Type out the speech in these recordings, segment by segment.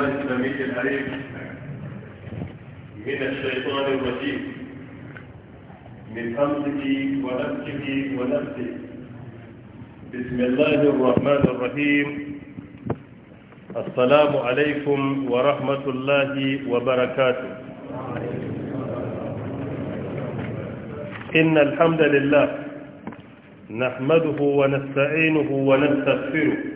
العليم من الشيطان الرجيم من همزه ونفسه ونفسه بسم الله الرحمن الرحيم السلام عليكم ورحمة الله وبركاته إن الحمد لله نحمده ونستعينه ونستغفره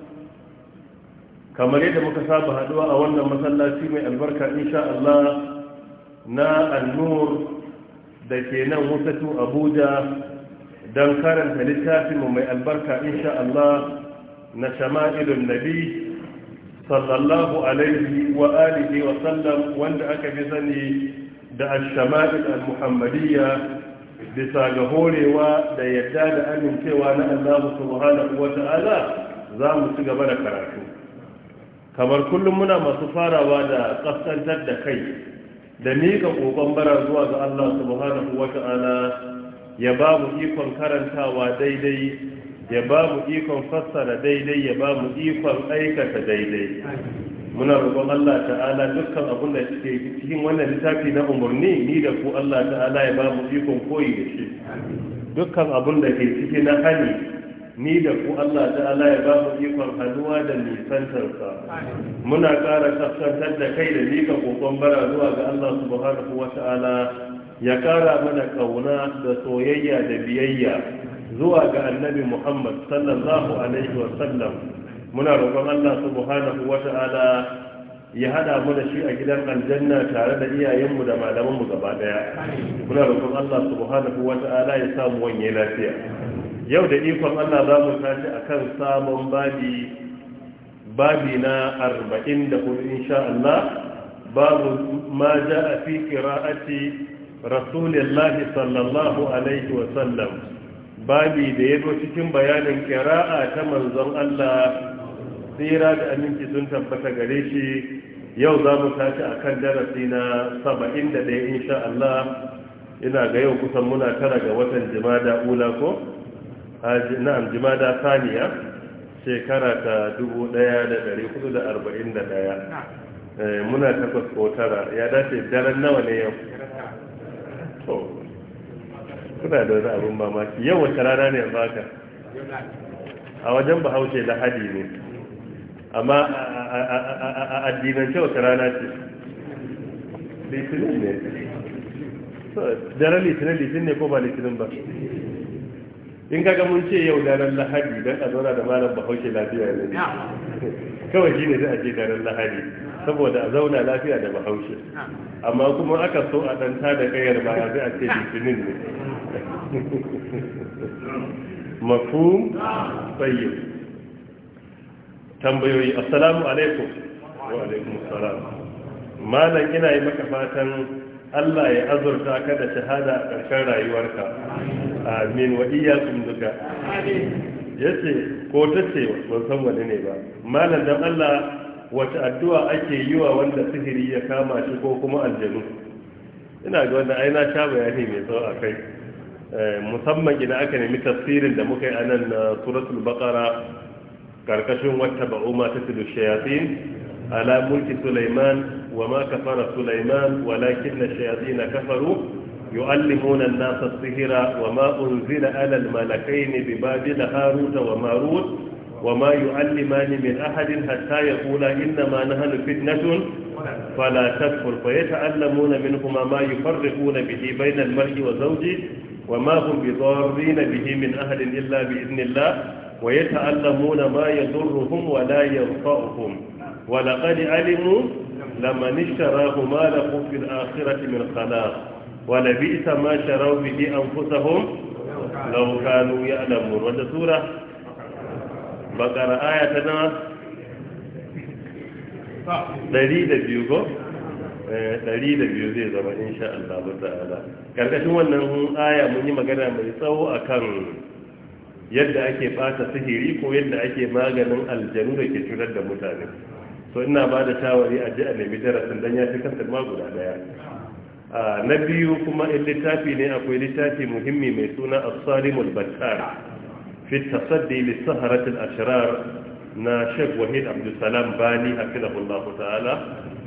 kamar yadda muka saba haduwa a wannan masallaci mai albarka insha Allah na annur da ke nan wasatu abuja don karanta littafinmu mai albarka insha Allah na shama'ilun nabi sallallahu alaihi wa alihi wa sallam wanda aka fi sani da ashama'il al-muhammadiyya bisa ga horewa da yadda da amincewa na Allah subhanahu wa ta'ala za mu ci gaba da karatu kamar kullum muna masu farawa da kasantar da kai da mika kokon bara zuwa ga Allah subhanahu wa ya ba mu ikon karantawa daidai ya ba mu ikon fassara daidai ya ba mu ikon aikata daidai muna roƙon Allah ta'ala dukkan abin da ke cikin wannan littafi na umarni ni da ku Allah ta'ala ya ba mu ikon koyi da shi dukkan abin da ke ciki na hani ni da ku Allah ta'ala ya ba mu ikon hannuwa da nisantarsa muna ƙara kaskantar da kai da mika kokon bara zuwa ga Allah subhanahu wa ta'ala ya ƙara mana kauna da soyayya da biyayya zuwa ga annabi Muhammad sallallahu alaihi wa sallam muna roƙon Allah subhanahu wa ta'ala ya hada mu da shi a gidan aljanna tare da iyayenmu da malamanmu gaba daya muna roƙon Allah subhanahu wa ta'ala ya samu wanye lafiya yau da ikon Allah za mu tashi a kan sabon babi babi na arba'in da hudu insha Allah babu ma ja a fi kira'ati rasulillahi sallallahu alaihi wasallam babi da ya zo cikin bayanin kira'a ta manzon Allah tsira da aminci sun tabbata gare shi yau za mu tashi a kan darasi na saba'in da ɗaya insha Allah ina ga yau kusan muna tara ga watan da ula ko na'am jimada saniya shekara ta 1441 eh, muna takwas tara ya dace daren nawa ne yau to kuna da wani abin mamaki yau wata rana ne yanzu haka a wajen bahaushe lahadi ne amma a addinance wace rana ce litinin ne daren litinin litinin ne ko ba litinin ba in kaga mun ce yau ran lahadi don a zauna da malam bahaushe lafiya ne kawai shi ne za a ce ran lahadi saboda a zauna lafiya da bahaushe amma kuma aka so a ɗanta da kayar ba sai a ce litinin ne mafhum tayyib tambayoyi assalamu alaikum wa alaikum assalam malam ina yi maka fatan Allah ya azurta ka da shahada a ƙarshen rayuwarka amin wa iyyakum duka Ya ce ko ta ce ban san wani ne ba malam dan Allah wace addu'a ake yi wa wanda sihiri ya kama shi ko kuma aljanu ina ga wanda aina na sha bayani mai tsawo a kai eh, musamman idan aka nemi tafsirin da muka yi anan na suratul baqara karkashin wata ba'uma ta tilu shayatin على ملك سليمان وما كفر سليمان ولكن الشياطين كفروا يؤلمون الناس السهر وما أنزل على الملكين ببابل هاروت وماروت وما يعلمان من أحد حتى يقولا إنما نهل فتنة فلا تكفر فيتعلمون منهما ما يفرقون به بين المرء وزوجه وما هم بضارين به من أحد إلا بإذن الله ويتعلمون ما يضرهم ولا ينفعهم ولقد علموا لمن اشتراه ما له في الآخرة من خلاق ولبئس ما شروا به أنفسهم لو كانوا يعلمون وده سورة بقرة آية تنا دليل بيوكو دليل بيو زي زما إن شاء الله تعالى karkashin wannan aya mun yi magana mai tsawo akan yadda ake fata sihiri ko yadda ake maganin aljanu da ke cutar da mutane to ina ba da shawari a ji a nemi darasin don ya fi kantar ma guda daya na biyu kuma in littafi ne akwai littafi muhimmi mai suna a salimul battar fi tasaddi li saharatin Ashirar na shek Wahid Abdulsalam Bani hafizahullahu ta'ala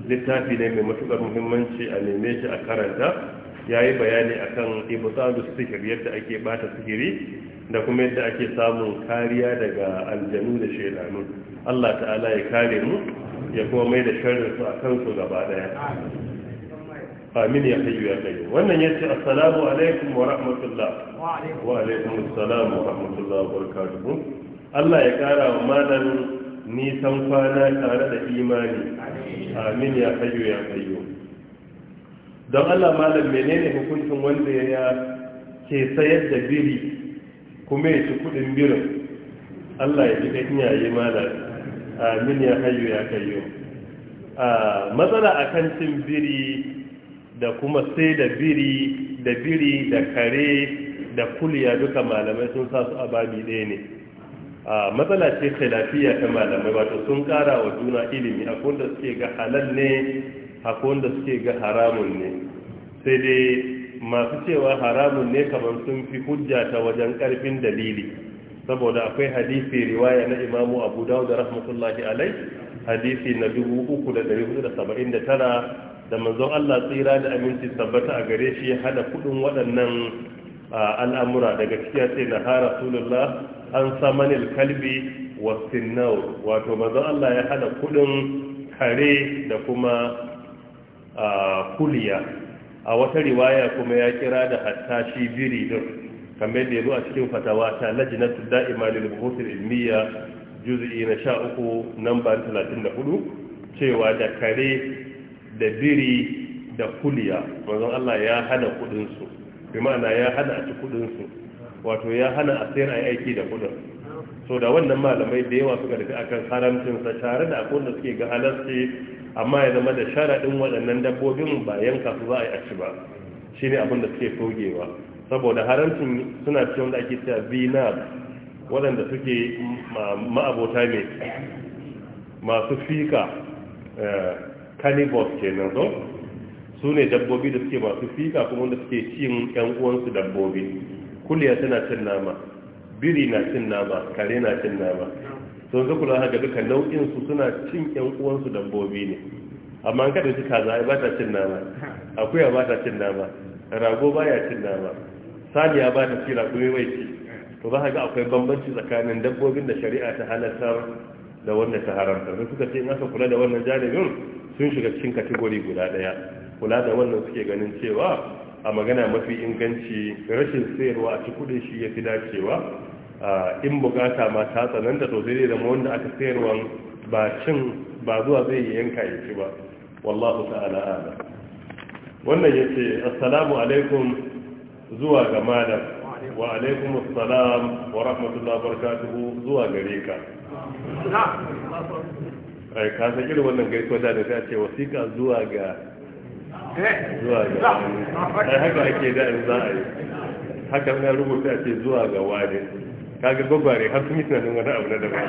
littafi ne mai matukar muhimmanci a neme shi a karanta Ya yi bayani akan ibtalu sihir yadda ake bata sihiri da kuma yadda ake samun kariya daga aljanu da shaidanu Allah ta'ala ya kare mu ya kuma mai da sharrin su a kansu gaba daya amin ya hayyu ya hayyu wannan ya ce assalamu alaikum wa rahmatullah wa alaikum assalam wa rahmatullah wa barakatuhu Allah ya kara wa malam nisan kwana tare da imani amin ya hayyu ya hayyu don Allah malam menene hukuncin wanda ya ke sayar da biri kuma ya ci kudin birin Allah ya ji ɗan yayi malam amin ya hayu ya a matsala a kan cin biri da kuma sai da biri da biri da kare da kuliya duka malamai sun sa su a babi ɗaya ne matsala ce lafiya ta malamai wato sun ƙara wa juna ilimi a da suke ga halal ne a da suke ga haramun ne sai dai masu cewa haramun ne kamar sun fi hujja ta wajen ƙarfin dalili saboda akwai hadisi riwaya na imamu abu dawud rahmatullahi alai hadisi na 3479 da manzon Allah tsira da aminci sabbata a gare shi ya hada kudin waɗannan al'amura daga cikin sai na ha rasulullah an samanil kalbi wa sinnau wato manzon Allah ya hada kudin kare da kuma kuliya a wata riwaya kuma ya kira da hattashi biri duk kamar da ya a cikin fatawa ta lajinatul da'ima lil buhuthil ilmiya juz'i na 13 number 34 cewa da kare da biri da kulya manzon Allah ya hana kudin su bi ma'ana ya hana a ci kudin su wato ya hana a sayar ai aiki da kudin so da wannan malamai da yawa suka rufe akan haramcin sa tare da akwai da suke ga halarci amma ya zama da sharadin waɗannan dabbobin ba yanka su za a yi a ci ba shine abin da suke togewa saboda haramcin suna cikin wanda ake cewa zinar waɗanda suke ma'abota ne masu fika eh, carnivores kenan zo su ne dabbobi da suke masu fika kuma wanda suke cin yan uwansu dabbobi kuliya tana cin nama biri na cin nama kare na cin nama sun zuku na haka duka nau'insu suna cin yan uwansu dabbobi ne amma an kada su kaza ba ta cin nama akuya ba ta cin nama rago ba ya cin nama sani ya ba da kira kuma mai ci to za ka ga akwai bambanci tsakanin dabbobin da shari'a ta halartar da wanda ta haramta sai suka ce in aka kula da wannan janibin sun shiga cikin kategori guda ɗaya kula da wannan suke ganin cewa a magana mafi inganci rashin sayarwa a ci kuɗin shi ya fi dacewa in bukata ma ta tsananta to zai zama wanda aka sayarwa ba cin ba zuwa zai yi yanka ya ci ba wallahu ta'ala wannan yace assalamu alaikum zuwa ga malam wa alaikum assalam wa rahmatullahi barakatuhu zuwa gare ka ai ka san irin wannan gaisuwa da sai a ce wasiƙa zuwa ga zuwa ga ai haka ake da in za a yi haka na rubuta a ce zuwa ga wani kaga gwagware har sun yi tunanin wani abu na daban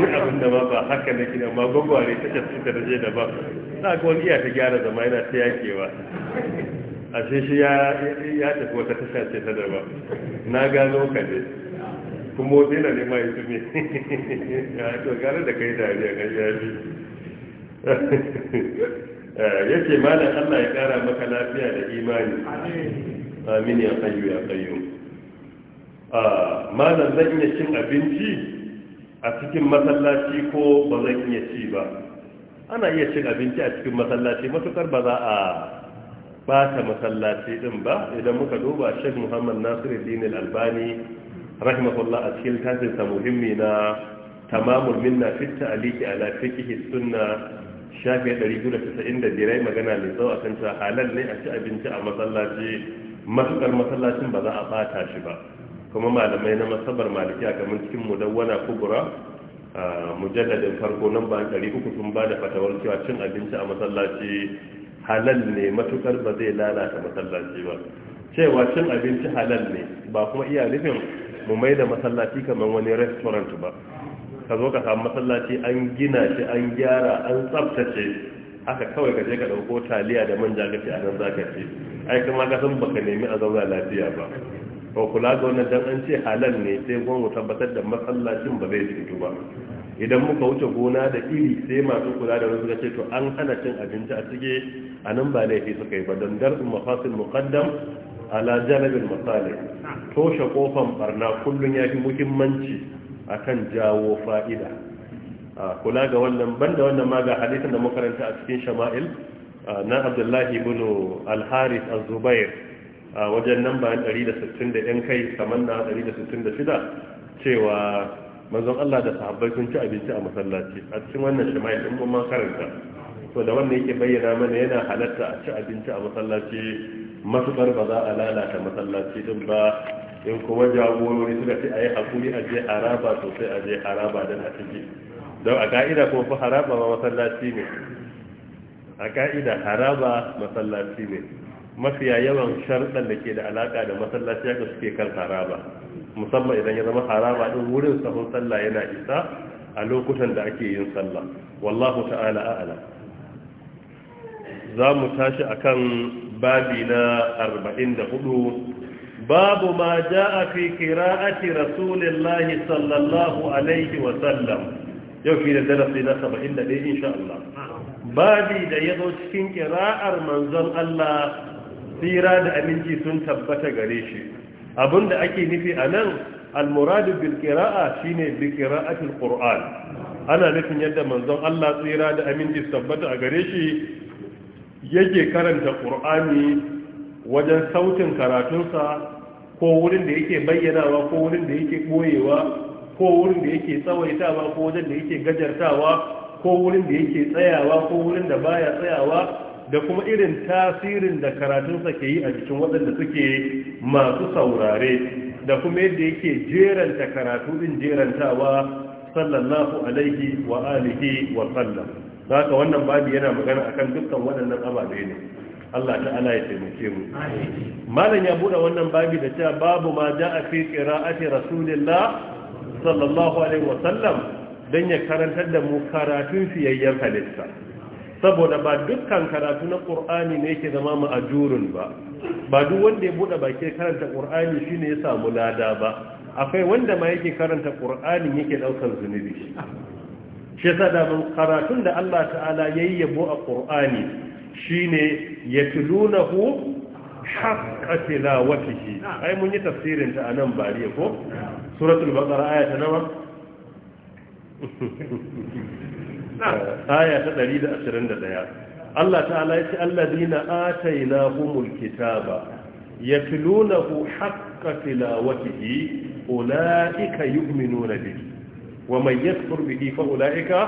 ni abin da ba ba haka na kina ma gwagware ta ce sun ta da za ga wani iya ta gyara zama yana ta yakewa ashe shi ya tafi wata tasha ce ta daba na gano ka ne kuma motsi na nema ya tumi ya haka gano da kai dariya ga shafi ya ce da allah ya kara maka lafiya da imani amin ya kayu ya kayu da ah, zan iya cin abinci a cikin masallaci ko ba zan iya ci ba ana iya cin abinci a cikin masallaci matukar ba za a bata masallaci din ba idan muka duba Sheikh Muhammad Nasiruddin Al-Albani rahimahullah a cikin tafsir sa muhimmi na tamamul minna fi ta'liqi ala fiqh sunna shafi 295 magana mai tsawo kan ta halal ne a ci abinci a masallaci matukar masallacin ba za a bata shi ba kuma malamai na masabar a kamar cikin mudawwana kubra mujalladin farko nan ba 300 sun ba da fatawar cewa cin abinci a masallaci halal ne matukar ba zai lalata masallaci ba cewa cin abinci halal ne ba kuma iya nufin mu mai da masallaci kamar wani restaurant ba ka zo ka samu masallaci an gina shi an gyara an tsabtace aka kawai ka je ka ɗauko taliya da manja ka ci a nan za ka ai kuma ka san baka nemi a zauna lafiya ba ko kula ga wannan dan an ce halal ne sai gwamnati tabbatar da masallacin ba zai cutu ba idan muka wuce gona da iri sai masu kula da wasu ce to an hana cin abinci a cike a nan ba laifi suka yi ba don darsin mafasin muqaddam ala janabin masali toshe kofan barna kullum ya fi muhimmanci akan jawo fa'ida kula ga wannan banda wannan ma ga hadisin da makaranta a cikin shama'il na abdullahi ibn al-haris az-zubair wajen nan ba 160 da yan kai kamar na 166 cewa manzon Allah da sahabbai sun ci abinci a masallaci a cikin wannan shima'i din mun karanta to da wannan yake bayyana mana yana halatta a ci abinci a masallaci matukar ba za a lalata masallaci din ba in kuma jagorori suka ce a yi hakuri a je haraba sosai a je haraba don a ciki don a ka'ida kuma fa haraba ma masallaci ne a ka'ida haraba masallaci ne mafiya yawan sharɗan da ke da alaƙa da masallaci haka suke kan haraba musamman idan ya zama harama din wurin sahun sallah yana isa a lokutan da ake yin sallah wallahu ta'ala a'ala za mu tashi akan babi na 44 babu ma ja'a fi qira'ati rasulillahi sallallahu alaihi wa sallam yau fi da darasi na 71 insha Allah babi da yazo cikin qira'ar manzon Allah tsira da aminci sun tabbata gare shi Abin da ake nufi a nan almuradu bilkira'a shi shine bi qira'atil ana nufin yadda manzon Allah tsira da aminci tabbata a gare shi yake karanta qur'ani wajen sautin karatunsa ko wurin da yake bayyanawa ko wurin da yake koyewa ko wurin da yake tsawaitawa ko wajen da yake gajartawa ko wurin da yake tsayawa ko wurin da baya tsayawa da kuma irin tasirin da karatunsa ke yi a jikin waɗanda suke masu saurare da kuma yadda yake jeranta karatu din jerantawa sallallahu alaihi wa alihi wa sallam haka wannan babu yana magana akan dukkan waɗannan ababe ne Allah ta'ala ya taimake mu malam ya buɗe wannan babi da cewa babu ma ja'a fi qira'ati rasulillah sallallahu alaihi wa sallam dan ya karantar da mu karatun fiyayyen halitta saboda ba dukkan karatu na ƙur'ani ne yake zama mu jurin ba ba duk wanda ya buɗe baki karanta ƙur'ani shine ya samu lada ba akwai wanda ma yake karanta ƙur'anin yake ɗaukar zunubi shi yasa da karatun da Allah ta'ala yayi yabo a ƙur'ani shine yatlunahu haqqa tilawatihi ai mun yi tafsirin ta anan bari ko suratul baqara aya ta nawa aya ta 121 Allah ta'ala ya ce alladina atainahumul kitaba yatlunahu haqqa tilawatihi ulaika yu'minuna bihi wa man yakfur bihi fa ulaika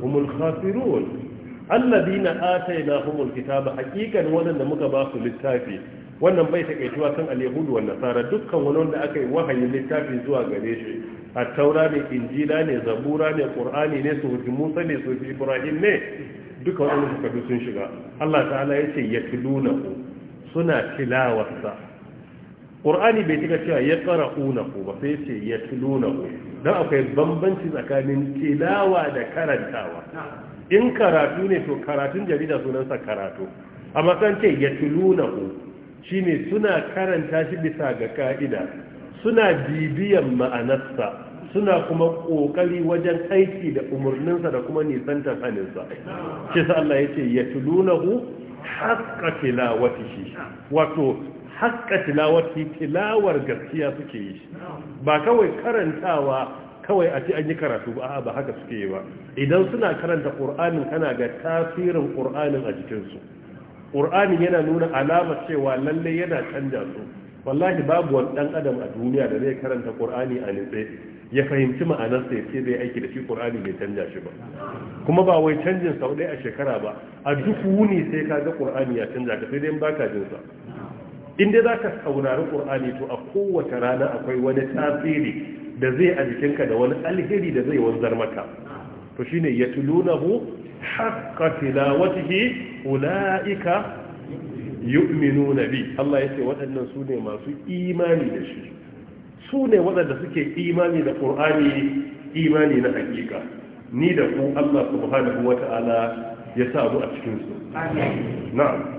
humul khasirun alladina atainahumul kitaba haqiqan da muka ba su littafi wannan bai takaituwa kan al wa nasara dukkan wani wanda aka yi wahayin littafi zuwa gare shi a taura ne injila ne zabura ne qur'ani ne sufi musa ne sufi ibrahim ne duka waɗannan takardu sun shiga Allah ta'ala yace ku suna tilawarsa qur'ani bai tika cewa ya ku ba sai yace ku. dan akwai bambanci tsakanin tilawa da karantawa in karatu ne to karatun jarida sunansa karatu amma kan ce ku. shine suna karanta shi bisa ga ka'ida suna bibiyan ma'anarsa suna kuma ƙoƙari wajen aiki da umarninsa da kuma nisan tafaninsa shi sa Allah ya ce ya tulunahu tilawar shi. wato tilawar shi, tilawar gaskiya suke yi ba kawai karantawa kawai a ce an yi karatu ba ba haka suke yi ba idan suna karanta ƙur'anin kana ga tasirin ƙur'anin a jikinsu ƙur'ani yana nuna alamar cewa lalle yana canja su wallahi babu wani ɗan adam a duniya da zai karanta ƙur'ani a nitse ya fahimci ma'anarsa ya ce zai aiki da shi ƙur'ani bai canja shi ba kuma ba wai canjin sau ɗaya a shekara ba a duk wuni sai ka ga ƙur'ani ya canja ka sai dai baka jin sa in dai zaka saurari ƙur'ani to a kowace rana akwai wani tasiri da zai a jikinka da wani alheri da zai wanzar maka to shine yatlunahu haqqa tilawatihi ulaika yu'minuna bi Allah ce waɗannan su ne masu imani da shi su ne waɗanda suke imani da Qur'ani imani na hakika ni da ku Allah subhanahu wata'ala ya sa a cikinsu na'am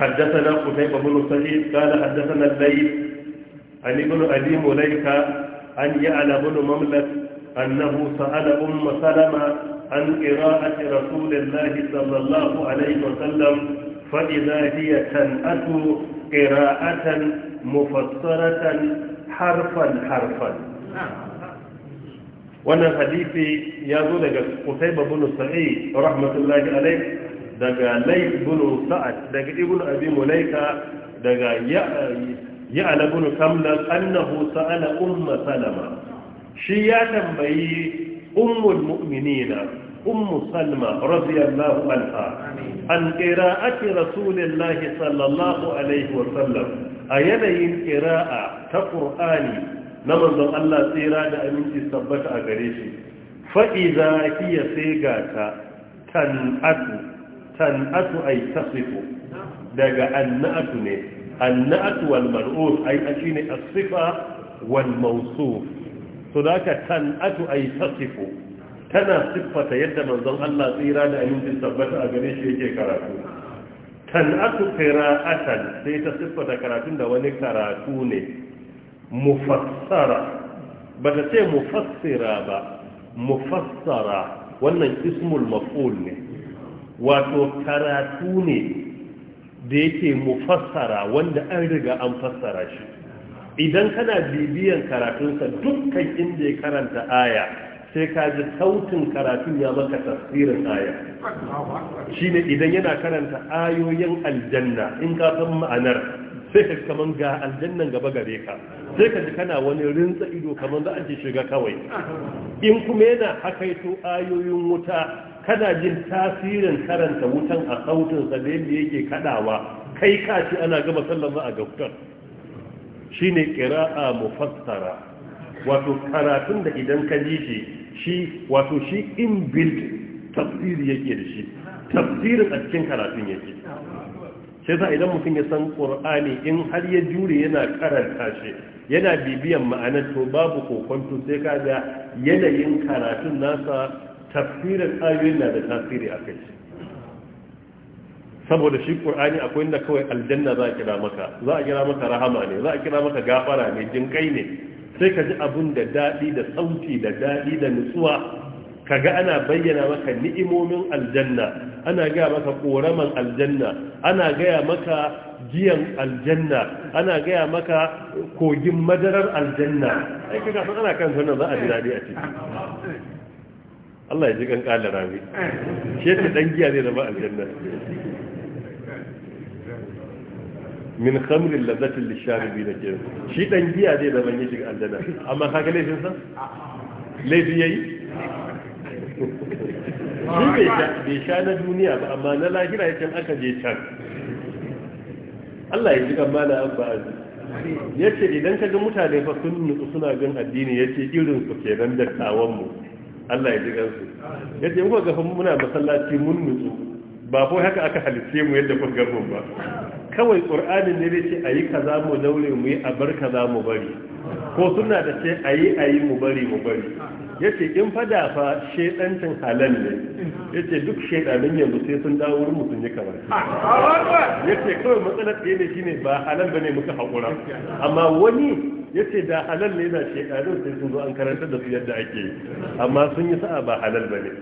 حدثنا قتيبة بن سعيد قال حدثنا الليث عن ابن أبي مليكة عن يعلى بن مملك أنه سأل أم سلمة عن قراءة رسول الله صلى الله عليه وسلم فإذا هي تنأت قراءة مفسرة حرفا حرفا wannan hadisi ya zo daga Qutayba bin Sa'id rahmatullahi alayh daga Layth bin Sa'ad daga Ibn Abi Mulaika daga Ya'la bin Kamla annahu sa'ala Umm Salama shi ya tambayi ummul أم سلمة رضي الله عنها عن قراءة رسول الله صلى الله عليه وسلم أيني قراءة كقرآن نمضى الله سيرا أمين تثبت أغريشي فإذا هي سيغاتا تنأت تنأت أي تصف دقى النأت نه النأت والمرؤوس أي أشيني الصفة والموصوف صداك تنأت أي تصف tana siffata yadda manzon Allah tsira da ayyukan tabbata a gare shi yake karatu Tan tan'atu atal sai ta siffata karatun da wani karatu ne mufassara ba ta ce mufassira ba mufassara wannan ismul maf'ul ne wato karatu ne da yake mufassara wanda an riga an fassara shi idan kana bibiyan karatunsa dukkan inda ya karanta aya sai ka ji sautin karatun ya maka tasirin aya shi ne idan yana karanta ayoyin aljanna in ka san ma'anar sai ka kaman ga aljannan gaba gare ka sai ka ji kana wani rinsa ido kaman za a ce shiga kawai in kuma yana hakaito ayoyin wuta kana jin tasirin karanta wutan a sautin sa da yake kadawa kai ka ce ana gama sallama a ne shine qira'a mufassara wato karatun da idan ka ji shi shi wato shi inbuilt tafsiri yake da shi tafsirin a cikin karatun yake sai idan mutum ya san ƙur'ani in har ya jure yana karanta shi yana bibiyan ma'anar to babu kokonto sai ka ga yanayin karatun nasa tafsirin ayoyin na da tasiri a kai saboda shi ƙorani akwai inda kawai aljanna za a kira maka za a kira maka rahama ne za a kira maka gafara ne jinkai ne sai ka ji abun da daɗi da sauti da daɗi da nutsuwa kaga ana bayyana maka ni'imomin aljanna ana gaya maka ƙoraman aljanna ana gaya maka giyan aljanna ana gaya maka kogin madarar aljanna ai kaga san ana kan sannan za a ji daɗi a ciki Allah ya ji kan da rami shi ta dan giya zai zama aljanna min khamrin lazzatin lisharibi da ke shi dan giya zai da ya shiga aljanna amma ga laifin sa laifin yayi shi bai sha na duniya ba amma na lahira ya can aka je can Allah ya ji kan mala an ba ya ce idan ka ga mutane fa sun nutsu suna gan addini ya ce irin su kenan da mu Allah ya ji kansu ya ce in kuka ga muna masallaci mun nutsu ba ko haka aka halitce mu yadda kun garbin ba kawai qur'ani ne dai ce a kaza mu daure mu yi a bar kaza mu bari ko suna da ce a yi mu bari mu bari yace in fada fa shaidancin halal ne yace duk shaidanin yanzu sai sun dawo wurin sun yi kamar ya Yace kawai matsalar da yake shine ba halal bane muka haƙura amma wani yace da halal ne da shaidanin sai sun zo an karanta da su yadda ake yi amma sun yi sa'a ba halal bane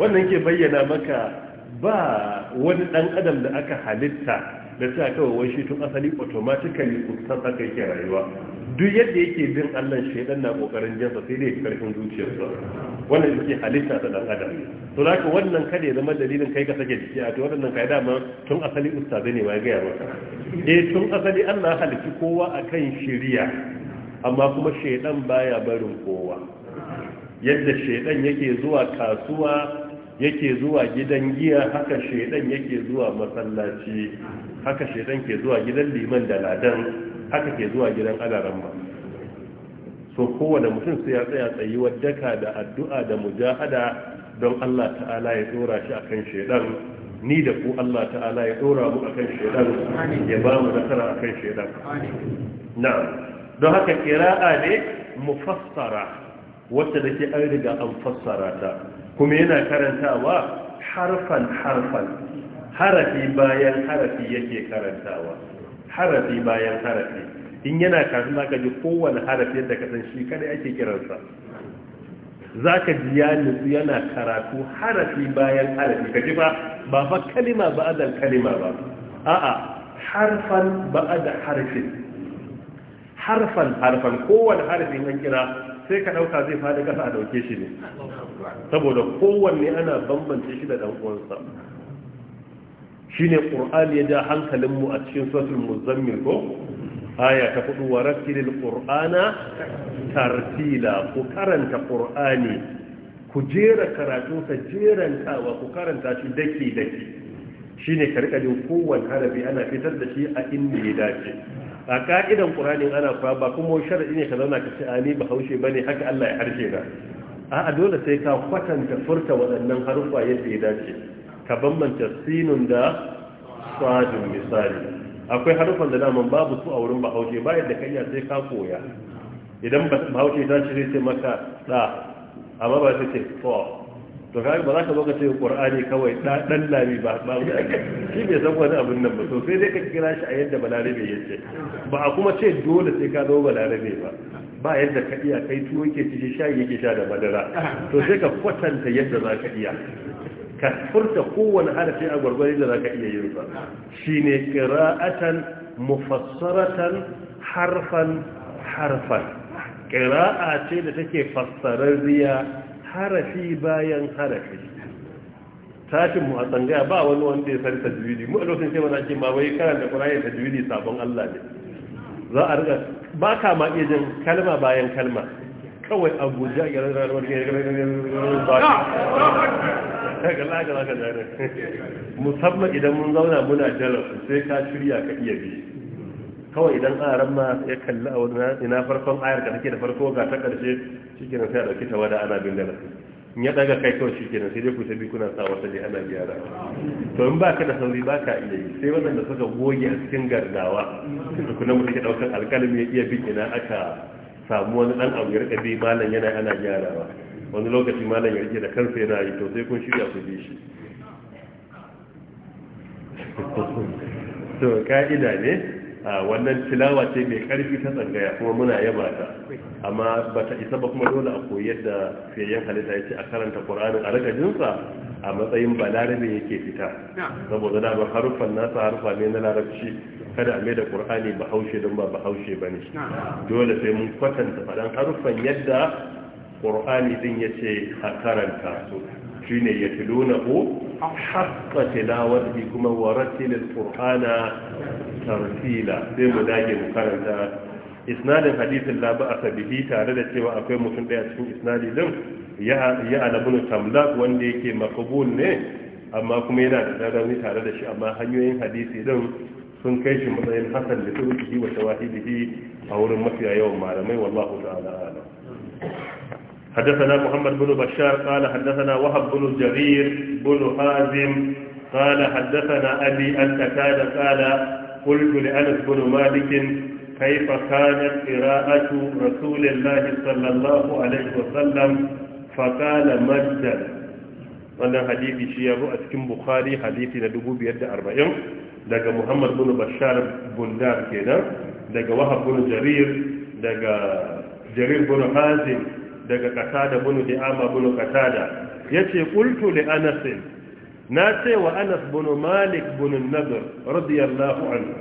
wannan ke bayyana maka ba wani dan adam da aka halitta da ta kawai wai shi tun asali automatically ustaz aka yake rayuwa duk yadda yake bin Allah shaidan na kokarin jinsa sai dai karfin zuciyarsa wannan yake halitta ta dan adam to zaka wannan kada ya zama dalilin kai ka sake jiki a to wannan kai dama tun asali ustaz ne ma ya gaya maka eh tun asali Allah halitta kowa akan shiriya amma kuma shaidan baya barin kowa yadda shaidan yake zuwa kasuwa yake zuwa gidan giya haka shaidan yake zuwa masallaci haka shaidan ke zuwa gidan liman da ladan haka ke zuwa gidan alaran so kowane mutum sai ya tsaya tsayi daka da addu'a da mujahada don Allah ta'ala ya tsora shi akan shaidan ni da ku Allah ta'ala ya tsora mu akan shaidan ya ba mu nasara akan shaidan na'am don haka kira'a ne mufassara wacce da ke an riga an fassara ta kuma yana karantawa harfan harfan harafi bayan harafi yake karantawa harafi bayan harafi in yana karatun ka ji kowane harafi yadda ka san shi kada ake kiransa zaka ji ya nutsu yana karatu harafi bayan harafi ka ji ba ba fa kalima ba adal kalima ba a'a harfan ba da harfin harfan harfan kowane harfin an kira sai ka ɗauka zai faɗi ƙasa a dauke shi ne saboda kowanne ana bambance shi da dan uwansa shine qur'an ya ja hankalin mu a cikin suratul muzammil ko aya ta fudu wa qur'ana tartila ku karanta qur'ani ku jera karatu ka jerantawa ku karanta shi dake dake shine rika jin kowanne harafi ana fitar da shi a inda ya dace a ka'idan qur'ani ana fa ba kuma sharadi ne ka zauna ka ce ani ba haushe bane haka Allah ya harshe ka a dole sai ka kwatanta furta waɗannan haruffa yadda ya dace ka bambanta sinun da sadin misali akwai harufan da daman babu su a wurin bahaushe ba yadda ka sai ka koya idan bahaushe ta shirye sai maka da amma ba sai ce to kai ba za ka zo ka ce qur'ani kawai dan lami ba ba shi bai san wani abin nan ba to sai dai ka kira shi a yadda balarabe yace ba a kuma ce dole sai ka zo balarabe ba ba yadda ka iya kai tuwo ke ci shayi yake sha da madara to sai ka kwatanta yadda za ka iya ka furta kowane harafi a gwargwari da za ka iya yin sa shine qira'atan mufassaratan harfan harfan qira'a ce da take fassararriya harafi bayan harafi tashin mu a tsangaya ba wani wanda ya sani tajwidi mu a lokacin ce mana ke ba wai karanta qur'ani tajwidi sabon Allah ne za a riga ba ka ma iya jin kalma bayan kalma kawai abuja ya rarrawa musamman idan mun zauna muna jalafu sai ka shirya ka iya bi kawai idan aran ramma ya kalli a wani ina farkon ayar da take da farko ga ta karshe shi sai a ɗauki tawada ana bin da in ya daga kai kawai shi kenan sai dai ku sabi kuna sa wata ne ana gyara to in baka da sauri baka iya yi sai waɗanda suka goge a cikin gardawa kuna mu take ɗaukar alƙalmi ya iya bin ina aka samu wani ɗan abu ya rika bi malam yana ana gyarawa wani lokaci malam ya rike da kansa yana yi to sai kun shirya ku bi shi to ka'ida ne wannan tilawa ce mai karfi ta tsangaya kuma muna yaba ta amma ba ta isa ba kuma dole a koyi yadda fiyayyen halitta ya ce a karanta ƙuranin a jinsa a matsayin balarabe yake fita saboda damar haruffan nasa harufa ne na larabci kada a mai da ƙur'ani bahaushe don ba bahaushe ba ne dole sai mun kwatanta faɗan haruffan yadda ƙur'ani din ya ce a karanta su shine yatlunahu haqqa tilawati kuma waratil qurana tartila sai mu dage mu karanta isnadin hadisin la ba'sa bihi tare da cewa akwai mutum daya cikin isnadi din ya ya alabun tamlak wanda yake maqbul ne amma kuma yana da rauni tare da shi amma hanyoyin hadisi din sun kai shi matsayin hasan da turuki wa shawahidihi a wurin mafiya yawan malamai wallahu ta'ala a'lam حدثنا محمد بن بشار قال حدثنا وهب بن جرير بن حازم قال حدثنا أبي أن كان قال قلت لأنس بن مالك كيف كانت قراءة رسول الله صلى الله عليه وسلم فقال مجدا wannan hadisi shi ya zo a cikin bukhari hadisi na 540 daga muhammad bin bashar bundar kenan daga wahab bin jarir daga jarir bin hazim daga da bin bunu bin qatada yace qultu li anas na ce wa anas bin malik bin nadr radiyallahu anhu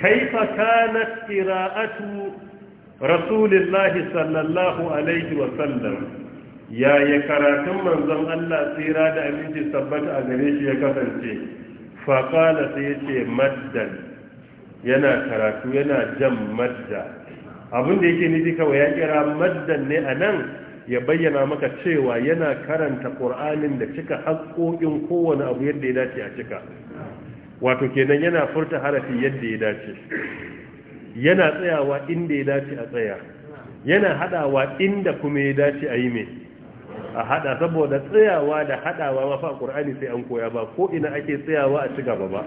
kaifa kanat qira'atu rasulillahi sallallahu alaihi wa sallam yaya karatun manzon Allah tsira da aminci tabbata a gare shi ya kasance faƙala sai ya ce maddan yana karatu yana jan madda abin da yake nufi kawai ya kira maddan ne a nan ya bayyana maka cewa yana karanta ƙor'anin da cika haƙoƙin kowane abu yadda ya dace a cika wato kenan yana furta harafi yadda ya dace yana tsayawa inda ya dace a tsaya yana haɗawa inda kuma ya dace a yi mai a haɗa saboda tsayawa da haɗawa a ƙur'ani sai an koya ba ko ina ake tsayawa a ci gaba ba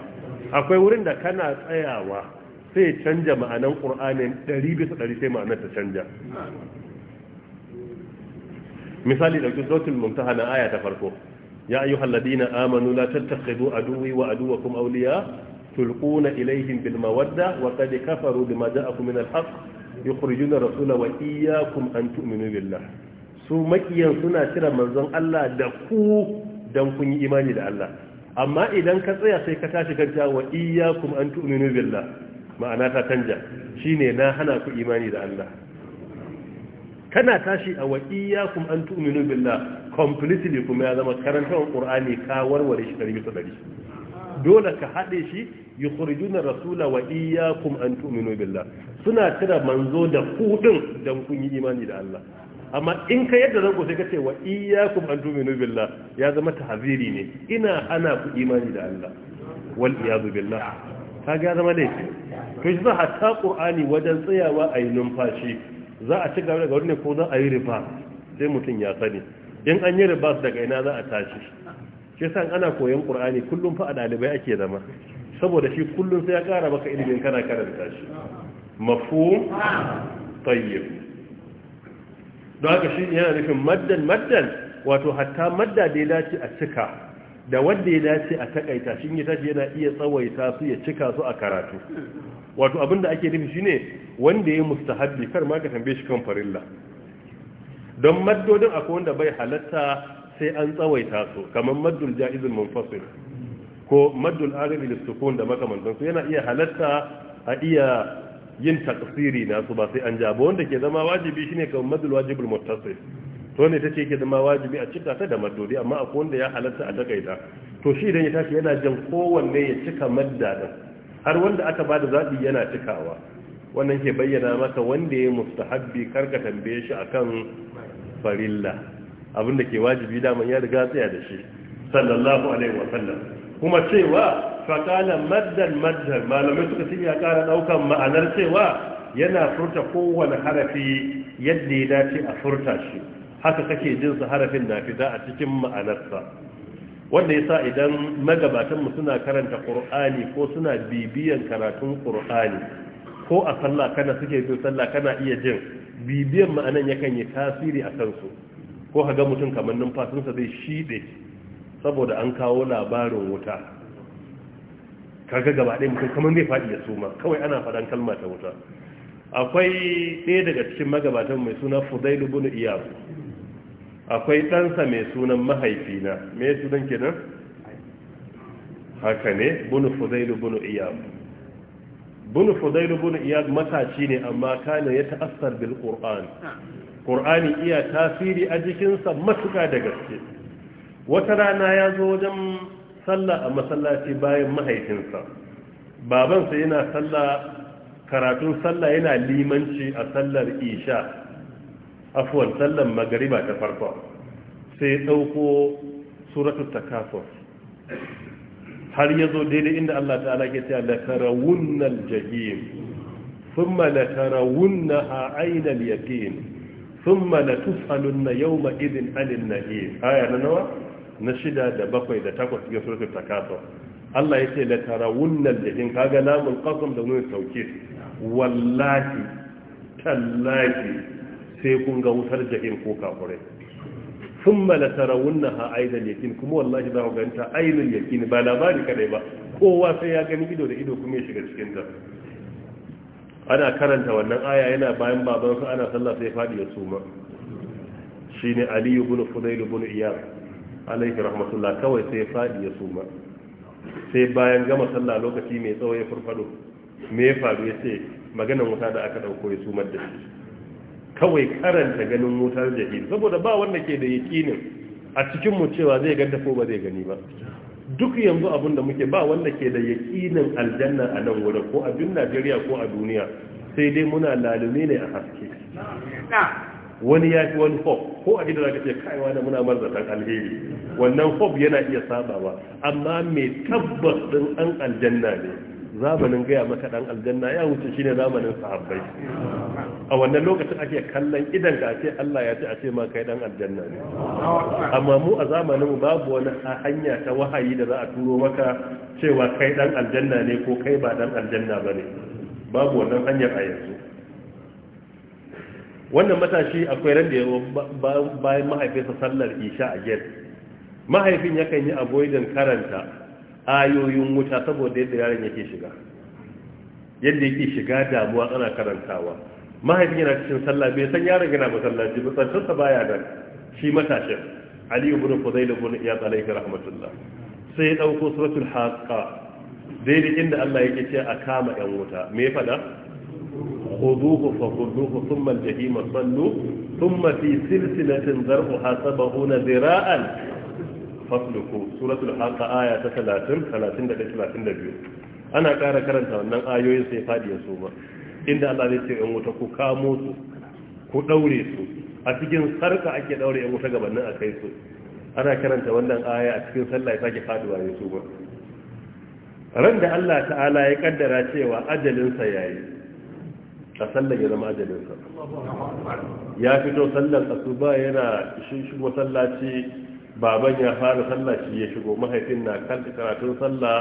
akwai wurin da kana tsayawa sai ya canja ma'anan ƙur'anin ɗari bisa sai ma'anar ta canja misali ɗauki sautul mumtaha na aya ta farko ya ayu na amanu la tattakhidu aduwi wa ilaihin awliya tulquna ilayhim bil mawadda wa qad kafaru a ja'akum min ya haqq na rasula wa iyyakum an tu'minu billah su makiyan suna cira manzon Allah da ku dan kun yi imani da Allah amma idan ka tsaya sai ka tashi kan wa iyyakum an tu'minu billah ma'ana ta canja shi ne na hana ku imani da Allah kana tashi a waƙiya kuma an tu'minu billah completely kuma ya zama karantar ƙorani ka warware shi ɗari bisa ɗari dole ka haɗe shi na rasula wa kuma an tu'minu billah suna tira manzo da kuɗin don kun yi imani da Allah amma in ka yadda zan kusa ka ce wa kuma an tu'minu billah ya zama ta haziri ne ina hana ku imani da Allah wal iyadu billah ka ga zama laifi hijira hatta qur'ani wajen tsayawa a yi numfashi za a ci gaba daga wani ko za a yi riba sai mutum ya sani in an yi riba daga ina za a tashi shi san ana koyon qur'ani kullum fa a ɗalibai ake zama saboda shi kullum sai ya kara maka ilimin kana karanta shi mafhum tayyib don haka shi yana nufin maddan maddan wato hatta madda da ya dace a cika da wanda ya dace a takaita shi ya tafi yana iya tsawaita su ya cika su a karatu wato abinda ake nufi shine wanda ya mustahabbi kar ma ka tambaye shi kan farilla don maddodin akwai wanda bai halatta sai an tsawaita su kamar maddul ja'izul munfasil ko maddul arabi sukun da makamantan su yana iya halatta a iya yin taksiri na su ba sai an ja wanda ke zama wajibi shine kamar maddul wajibul muttasil to ne ta ce ke zama wajibi a cika ta da maddodi amma a wanda ya halatta a takaita to shi idan ya tashi yana jan kowanne ya cika madda din har wanda aka bada zabi yana cikawa wannan ke bayyana maka wanda ya mustahabbi karka tambaye shi akan farilla Abin da ke wajibi daman ya riga tsaya da shi sallallahu alaihi wa sallam kuma cewa faƙala maddan maddan malamai suka ce ya kara ɗaukan ma'anar cewa yana furta kowane harafi yadda ya dace a furta shi haka kake jin su harafin na fita a cikin ma'anarsa wanda ya sa idan magabatan mu suna karanta ƙur'ani ko suna bibiyan karatun ƙur'ani ko a sallah kana suke bin sallah kana iya jin bibiyan ma'anan yakan yi tasiri a kansu ko kaga mutum kamar numfasinsa zai shiɗe saboda an kawo labarin wuta kaga gaba ɗaya mutum kamar zai faɗi ya suma kawai ana faɗan kalma ta wuta akwai ɗaya daga cikin magabatan mai suna fudailu bin iyab akwai ɗansa mai sunan mahaifina mai sunan kenan haka ne bunu fudailu bunu iyab bunu fudailu bunu iyab matashi ne amma kana ya ta'assar bil qur'an qur'ani iya tasiri a jikinsa matuka da gaske wata rana ya zo wajen sallah a masallaci bayan mahaifinsa babansa yana sallah karatun sallah yana limanci a sallar isha afuwan sallan magariba ta farko sai ɗauko suratul takasur har ya zo daidai inda Allah ta'ala ke cewa la tarawunna al-jahim thumma la tarawunnaha sun al-yaqin thumma la tus'alunna yawma alin na na'im aya na nawa na shida da bakwai da takwas cikin suratul takasur Allah ya ce tarawunna al-jahim kaga lamun qasam da nun tawkid wallahi tallahi sai kun ga wutar jakin ko kafurai tarawunna ha aidan yakin kuma wallahi za ku ganta ainul yakin ba labari kadai ba kowa sai ya gani ido da ido kuma ya shiga cikin ta ana karanta wannan aya yana bayan babansa ana sallah sai fadi ya suma shine ali ibn fudayl ibn iyad alayhi rahmatullah kawai sai fadi ya suma sai bayan gama sallah lokaci mai tsawo ya furfado me ya faru ya ce maganar wuta da aka dauko ya sumar da shi kawai karanta ganin wutar jahil saboda ba wanda ke da yakinin a cikin mu cewa zai ganta ko ba zai gani ba duk yanzu abin da muke ba wanda ke da yakinin aljanna a nan wurin ko a duniya Najeriya ko a duniya sai dai muna lalume ne a haske wani ya fi wani hope ko a gida aka ce kaiwa da muna marzatan alheri wannan hope yana iya sabawa amma mai tabbas din an aljanna ne zamanin gaya maka dan aljanna ya wuce shine zamanin sahabbai a wannan lokacin ake kallon idan ka ce Allah ya ce a ce ma kai dan aljanna ne amma mu a zamanin mu babu wani hanya ta wahayi da za a turo maka cewa kai dan aljanna ne ko kai ba dan aljanna bane babu wannan hanyar a yanzu wannan matashi akwai ran da ya bayan mahaifinsa sallar isha a gate mahaifin yakan yi avoiding karanta ayoyin wuta saboda yadda yaron yake shiga yadda yake shiga damuwa tsana karantawa mahaifin yana cikin sallah bai san yaron yana masallaci ba ta baya da shi matashin aliyu bin fudayl bin iyad alayhi rahmatullah sai ya dauko suratul haqa daidai inda Allah yake ce a kama yan wuta me ya fada khuduhu thumma al الجحيم sallu thumma fi silsilatin ذرعها سبعون dira'an fasluku suratul haqa aya ta 30 31 32 ana ƙara karanta wannan ayoyin sai fadi ya ba inda Allah zai ce yan wuta ku kamo su ku daure su a cikin sarka ake daure yan wuta gabanin a kai su ana karanta wannan aya a cikin sallah ya sake faduwa ya ba ran da Allah ta'ala ya kaddara cewa ajalinsa yayi a sallar ya zama ajalinsa ya fito sallar asuba yana shi masallaci baban ya fara sallah shi ya shigo mahaifin na karatun sallah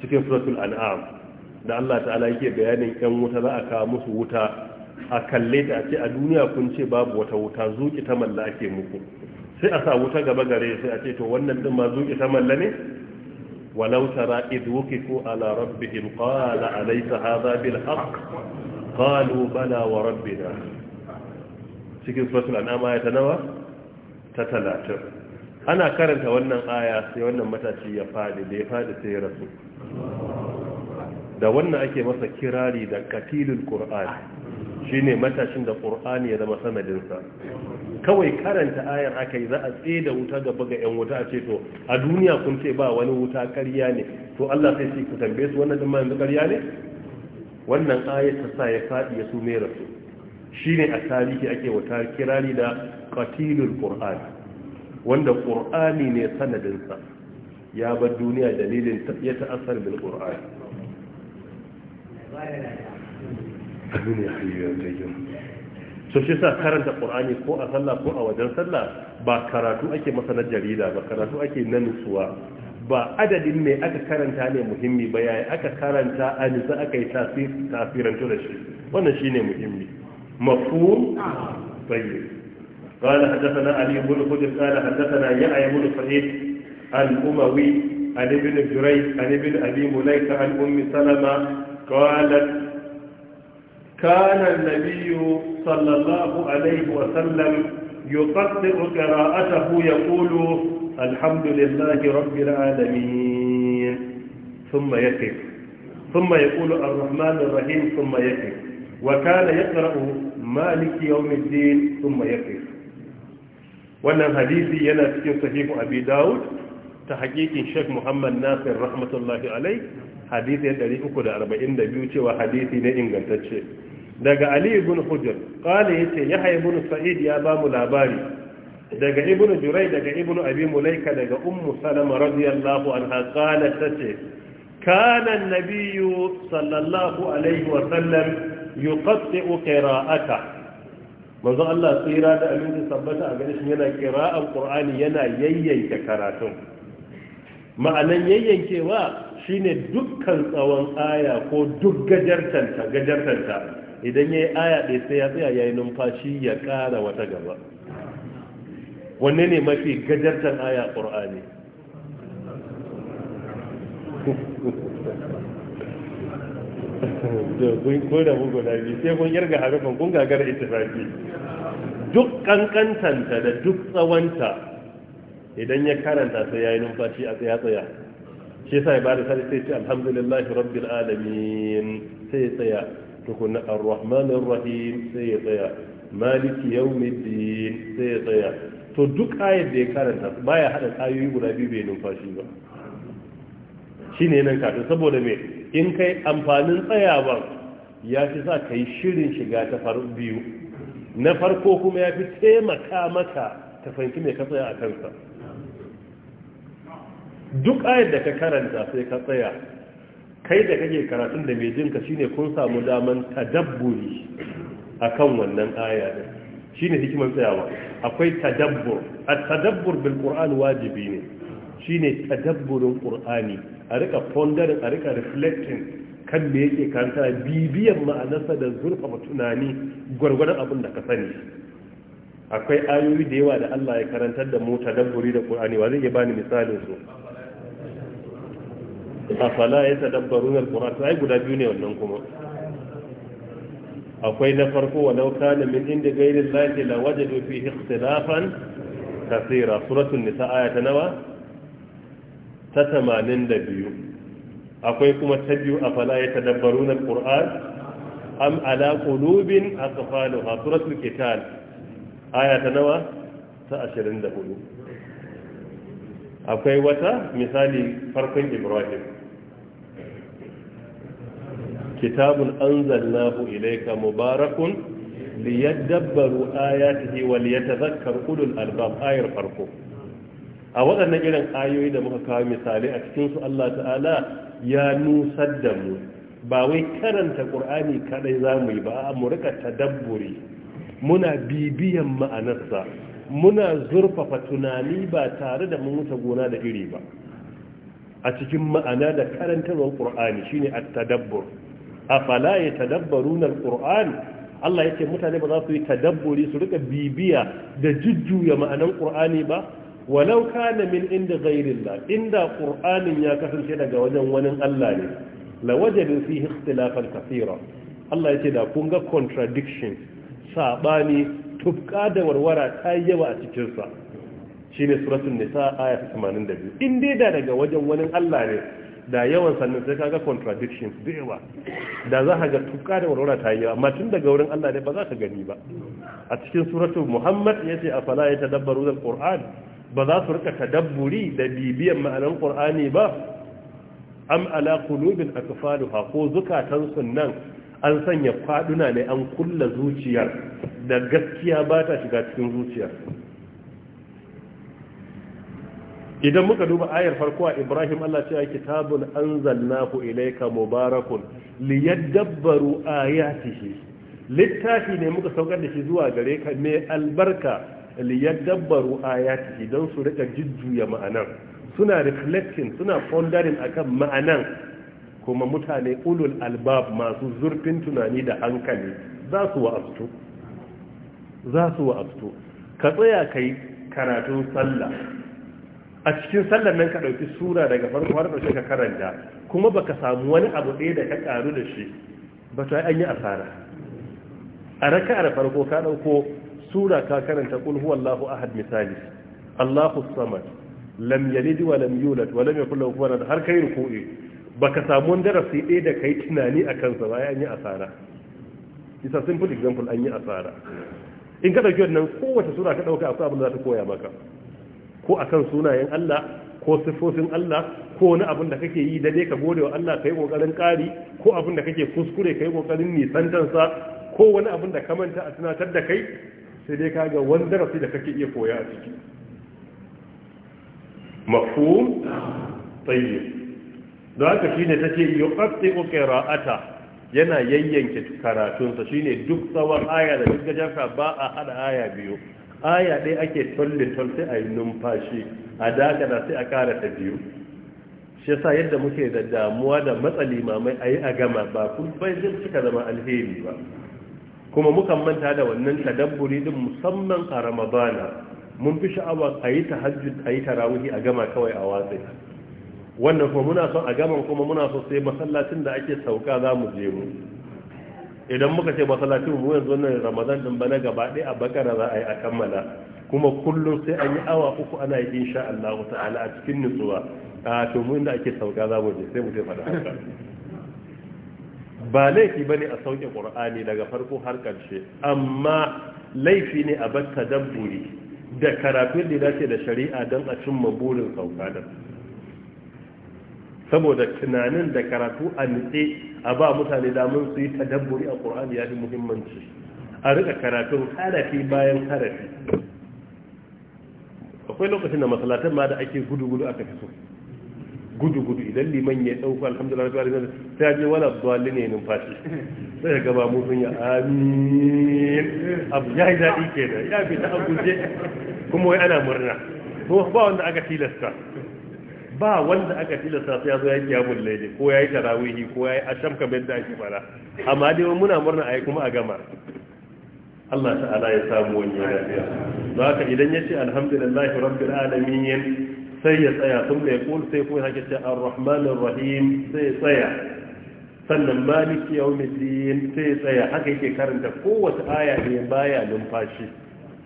cikin suratul an'am da Allah ta'ala yake bayanin yan wuta za a kawo musu wuta a kalle ta ce a duniya kun ce babu wata wuta zuki ta malla ake muku sai a sa wuta gaba gare sai a ce to wannan din ma zuki ta malla ne walau tara id wukifu ala rabbihim qala alaysa hadha bil haqq qalu bala wa rabbina cikin suratul an'am ayata nawa ta 30 ana karanta wannan aya sai wannan matashi ya fadi da ya fadi sai ya rasu da wannan ake masa kirari da katilul qur'ani shine matashin da qur'ani ya zama sanadinsa kawai karanta ayar aka yi za a tsaye da wuta gaba ga 'yan wuta a ce to a duniya kun ce ba wani wuta karya ne to Allah sai shi ku tambaye su wannan dimma yanzu karya ne wannan ayar ta sa ya faɗi ya su mai rasu shi ne a tarihi ake wata kirari da katilul qur'an wanda ƙur'ani ne sanadinsa ya bar duniya dalilin ya ta'asar bil ƙur'ani amin ya so shi sa karanta ƙur'ani ko a sallah ko a wajen sallah ba karatu ake masa na jarida ba karatu ake na nutsuwa ba adadin mai aka karanta ne muhimmi ba yayi aka karanta a nisa aka yi tasirantu da shi wannan shine muhimmi mafhum tayyib قال حدثنا علي بن الخدر قال حدثنا يحيى بن سعيد الأموي عن ابن جريج عن ابن أبي مليكة عن أم سلمة قالت كان النبي صلى الله عليه وسلم يقطع قراءته يقول الحمد لله رب العالمين ثم يكف ثم يقول الرحمن الرحيم ثم يكف وكان يقرأ مالك يوم الدين ثم يكف wannan hadisi yana cikin sahihu abi daud ta hakikin sheikh muhammad nasir rahmatullahi alai hadisi 342 cewa hadisi ne ingantacce daga ali ibn hujr qala yace yahya ibn sa'id ya ba mu labari daga ibn jurai daga ibn abi mulaika daga ummu salama radiyallahu anha qala tace kana an-nabiyyu sallallahu alaihi wa sallam yuqatti'u qira'atahu manzon Allah tsira da aminci sabbata a garin shi yana kira'an Qur'ani yana yayyanke karatun ma'anan yayyankewa shine dukkan tsawon aya ko duk gajartanta gajartanta idan yayi aya ɗaya sai ya tsaya yayi numfashi ya ƙara wata gaba wanne ne mafi gajartan aya Qur'ani kun rabu guda biyu sai kun yarga harufan kun gagar duk kankantanta da duk tsawanta idan ya karanta sai ya yi numfashi a tsaya tsaya shi sai ba da sai ce alhamdulillahi rabbil alamin sai ya tsaya tukunna arrahmanir rahim sai ya tsaya maliki yawmiddin sai ya tsaya to duk ayat da ya karanta baya hada ayoyi guda biyu bai numfashi ba shine nan kafin saboda me in kai amfanin tsayawa ya fi sa ka yi shirin shiga ta faru biyu na farko kuma ya fi taimaka maka ta fahimci mai ka tsaya a kansa duk ayar da ka karanta sai ka tsaya kai da kake karatun da mai jinka shine kun samu daman tadabburi kan wannan aya Shi shine hikimar tsayawa akwai tadabbur a tadabbur bil wajibi ne shine tadabburin qur'ani a rika pondering a rika reflecting kan me yake karanta bibiyan ma'anarsa da zurfafa tunani gwargwadon abin da ka sani akwai ayoyi da yawa da Allah ya karantar da mu tadabburi da qur'ani wa zai iya bani misalin su afala ya na qur'ani sai guda biyu ne wannan kuma akwai na farko wa law kana min inda ghayril lahi la wajadu fihi ikhtilafan kaseera suratul nisa ayata nawa ta tamanin da biyu akwai kuma ta biyu a falaye ya dabbaru na ƙur'an am ala ƙulubin a kafalu a suratul aya ta nawa ta ashirin da hudu akwai wata misali farkon ibrahim kitabun anzalnahu ilaika mubarakun liyar liyadabbaru ayatihi wa zakkar ulul Albam ayar farko a waɗannan irin ayoyi da muka kawo misali a cikinsu Allah ta'ala ya nusar da mu ba wai karanta ƙur'ani kaɗai za mu yi ba mu rika tadabburi muna bibiyan ma'anarsa muna zurfafa tunani ba tare da mun wuce gona da iri ba a cikin ma'ana da karantarwar ƙur'ani shine A tadabbur a afala tadabbaru na ƙur'ani, Allah ya ce mutane ba za su yi tadabburi su rika bibiya da jujjuya ma'anar ƙur'ani ba walau kana min inda ghairillah inda qur'anin ya kasance daga wajen wani Allah ne la wajadu fihi ikhtilafan kathira Allah yace da kun ga contradiction sabani tufka da warwara ta yawa a cikin sa shine suratul nisa aya 82 in dai da daga wajen wani Allah ne da yawan sannan sai kaga contradictions da da za ka ga tufka da warwara ta yawa amma tun daga wurin Allah ne ba za ka gani ba a cikin suratul muhammad yace afala yatadabbaruna alquran ba za su rika tadabburi da bibiyan ma'anar ƙur'ani ba am ala qulubin akfaluha ko zukatan sunnan an sanya kwaduna ne an kulla zuciyar da gaskiya ba ta shiga cikin zuciyar idan muka duba ayar farko a ibrahim allah ce kitabin kitabun anzalnahu ilayka mubarakun liyadabbaru ayatihi littafi ne muka saukar da shi zuwa gare ka mai albarka ya ayatihi don su rika jujjuya ma'anan suna reflecting suna pondering akan ma'anan kuma mutane ulul albab masu zurfin tunani da hankali za su wa'astu za su wa'astu ka tsaya kai karatun sallah a cikin sallar nan ka ɗauki sura daga farko har ƙarshe ka karanta kuma baka samu wani abu ɗaya da ka karu da shi ba ta an yi asara a raka'ar farko ka ɗauko sura ka karanta kul huwallahu ahad misali Allahu samad lam yalid wa lam yulad wa lam yakul lahu kufuwan ahad har kai ruku'i baka samu wani darasi ɗaya da kai tunani a kansa ba an yi asara isa simple example an yi asara in ka dauki wannan kowace sura ka dauka akwai abin da za ta koya maka ko akan sunayen Allah ko siffofin Allah ko wani abin da kake yi da dai ka gode wa Allah ka kokarin kari ƙari ko abin da kake kuskure ka yi ƙoƙarin nisantansa ko wani abin da ka manta a tunatar da kai sai dai kaga wani darasi da kake iya koya a ciki mafhum tayyib don haka shine tace yuqatti qira'ata yana yayyanke karatunsa shine duk tsawon aya da duk gajarta ba a hada aya biyu aya ɗaya ake tolle tol sai a yi numfashi a da sai a kara ta biyu shi yasa yadda muke da damuwa da matsali mamai a yi a gama ba kun bai zai cika zama alheri ba kuma muka manta da wannan tadabburi din musamman a ramadana mun fi sha'awa a yi tahajjud a yi tarawihi a gama kawai a watsi wannan kuma muna son a gama kuma muna so sai masallacin da ake sauka za mu je mu idan muka ce masallacin mu yanzu wannan ramadan din bana gaba ɗaya a bakara za a yi a kammala kuma kullum sai an yi awa uku ana yi insha Allah ta'ala a cikin nutsuwa a ah, to mu inda ake sauka za mu je sai mu je fada haka ba laifi ba ne a sauƙe ƙur'ani daga farko har ƙarshe amma laifi ne a bakka dabburi da karatun da dace da shari'a don a cimma burin sauka saboda tunanin da karatu a nitse a ba mutane damar su yi ta dabburi a ƙur'ani ya fi muhimmanci a rika karatun harafi bayan harafi akwai lokacin da masalatan ma da ake gudu-gudu a fi so gudu gudu idan liman ya dauko alhamdulillah rabbil alamin ta je wala dallin ne numfashi sai ga ba mu sun ya amin abu ya yi dadi kenan ya fi ta abuje kuma wai ana murna ko ba wanda aka tilasta ba wanda aka tilasta sai ya zo ya kiyamun laili ko ya yi tarawihi ko ya yi asham kamar yadda ake fara amma dai muna murna a yi kuma a gama Allah ta'ala ya samu wani lafiya Za ka idan ya ce alhamdulillahi rabbil alamin sai ya tsaya sun mai kul sai kuma ya ce ar-rahmanir rahim sai tsaya sannan maliki yawmiddin sai ya tsaya haka yake karanta kowace aya ne baya numfashi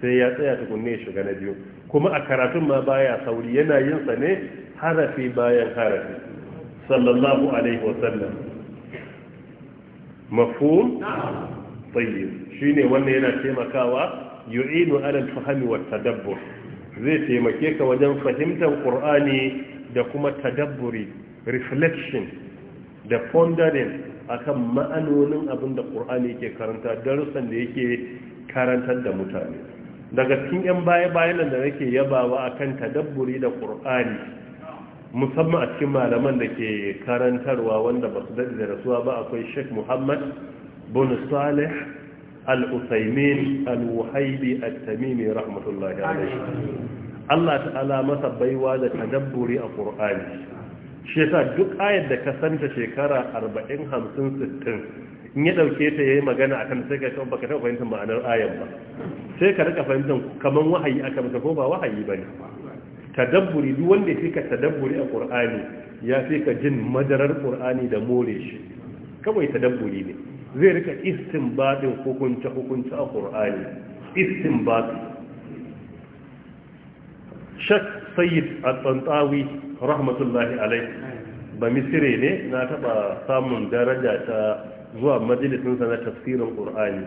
sai ya tsaya tukunne shiga na biyu kuma a karatun ma baya sauri yana yin sa ne harafi bayan harafi sallallahu alaihi wa sallam mafhum tayyib shine wannan yana taimakawa yu'inu ala al-fahmi wa tadabbur zai taimake ka wajen fahimtar ƙur'ani da kuma tadabburi reflection da pondering akan ma'anonin abin da ƙur'ani ke karanta darussan da yake karantar da mutane daga cikin 'yan baya-bayan da nake yabawa akan tadabburi da ƙur'ani musamman a cikin malaman da ke karantarwa wanda ba su daɗi da rasuwa ba akwai sheikh muhammad bonus Saleh. al-usaimin al-wahaibi at-tamimi rahmatullahi alaihi Allah ta'ala masa baiwa da tadabburi a Qur'ani shi yasa duk ayar da ka santa shekara 40 50 60 in ya ɗauke ta yayi magana akan sai ka baka taɓa fahimtar ma'anar ayar ba sai ka rika fahimtar kamar wahayi aka mata ko ba wahayi bane tadabburi duk wanda ya ka tadabburi a Qur'ani ya fi ka jin madarar Qur'ani da more shi kawai tadabburi ne zai rika istinbadin hukunce hukunce a ƙur'ani baɗi. shak sayyid at-tantawi rahmatullahi alai ba misire ne na taba samun daraja ta zuwa majalisin sa na tafsirin ƙur'ani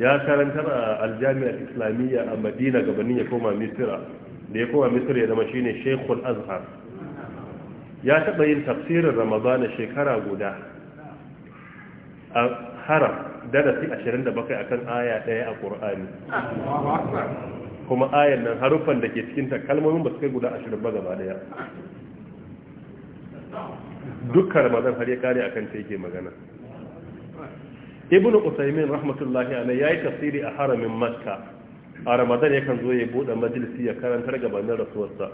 ya karanta a aljami'ar islamiyya a madina gabanin ya koma misira da ya koma misira ya zama shine shekul azhar ya taɓa yin tafsirin ramadana shekara guda a haram darasi 27 akan aya ɗaya a ƙur'ani kuma ayan nan haruffan da ke cikinta kalmomin ba su kai guda 20 ba gaba daya dukkan ramadan har ya kare akan ta yake magana ibn usaymin rahmatullahi alayhi yayi tafsiri a haramin makka a ramadan yakan zo ya bude majalisi ya karantar gabanin rasuwarsa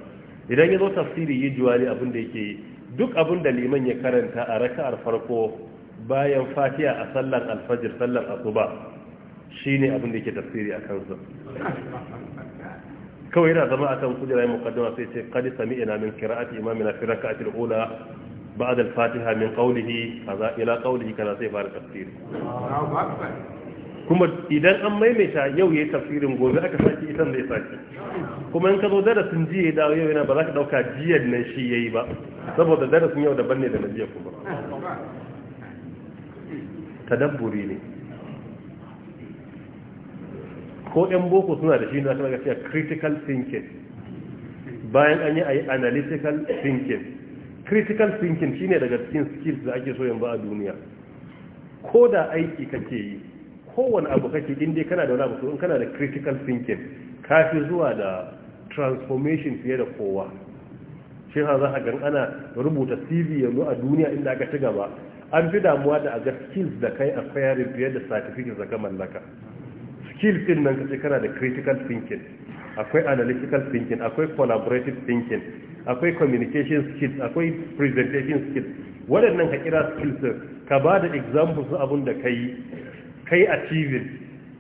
idan ya zo tafsiri yi juwali abin da yake duk abin da liman ya karanta a raka'ar farko bayan fatiha a sallar alfajir sallar asuba shine abin da yake tafsiri a kansa kawai yana zama a kan kujera mukaddama sai ce Kadi, sami ina min qira'ati imamina fi rak'atil da Fatiha, min kaulihi Kaza, كذا kaulihi kana sai fara tafsiri. kuma idan an maimaita yau yayi tafsirin gobe aka saki itan zai saki kuma in ka zo darasin jiya da yau yana ba za ka dauka jiyan nan shi yayi ba saboda darasin yau daban ne da na jiya kuma tadabburi ne ko ɗan boko suna da shi na kuma gaskiya critical thinking bayan an yi a yi analytical thinking critical thinking shine daga cikin skills da ake so ba a duniya ko da aiki kake yi kowane abu kake inda kana da wani abu in kana da critical thinking ka zuwa da transformation fiye da kowa shi ha za a gan ana rubuta cv yanzu a duniya inda aka ci gaba an fi damuwa da a ga skills da kai acquiring fiye da certificates da mallaka skills din nan kace kana da critical thinking akwai analytical thinking akwai collaborative thinking akwai communication skills akwai presentation skills waɗannan ka kira skills ka ba da examples abun da kai kai achieving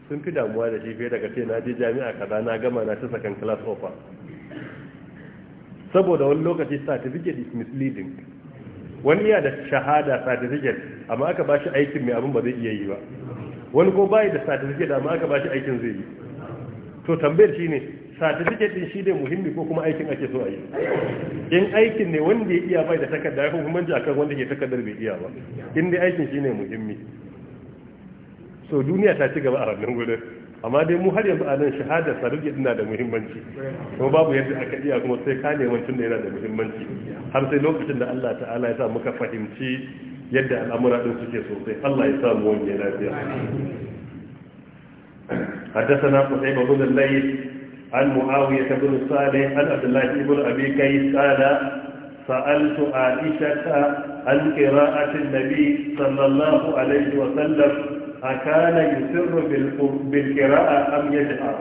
sun fi damuwa da shi fiye daga ce na je jami'a kaza na gama na ta sakan class offer saboda wani lokaci certificate is misleading wani ya da shahada certificate amma aka bashi aikin mai abin ba zai iya yi ba wani ko bai da certificate amma aka bashi aikin zai yi to tambayar ne certificate din shi ne muhimmi ko kuma aikin ake so a yi in aikin ne wanda ya iya bai da takarda ya kuma manja akan wanda ke takardar bai iya ba in dai aikin ne muhimmi so duniya ta ci gaba a rannan gudun. amma dai mu har yanzu a nan shahadar saruki ina da muhimmanci kuma babu yadda aka iya kuma sai ka neman tun da yana da muhimmanci har sai lokacin da Allah ta'ala ya sa muka fahimci yadda al'amura din suke sosai Allah ya sa mu wani lafiya حدثنا قتيبة بن الليث عن معاوية بن صالح عن عبد الله بن أبي كيس قال سألت عائشة عن قراءة النبي صلى الله عليه وسلم أكان يسر بالقراءة أم يجهر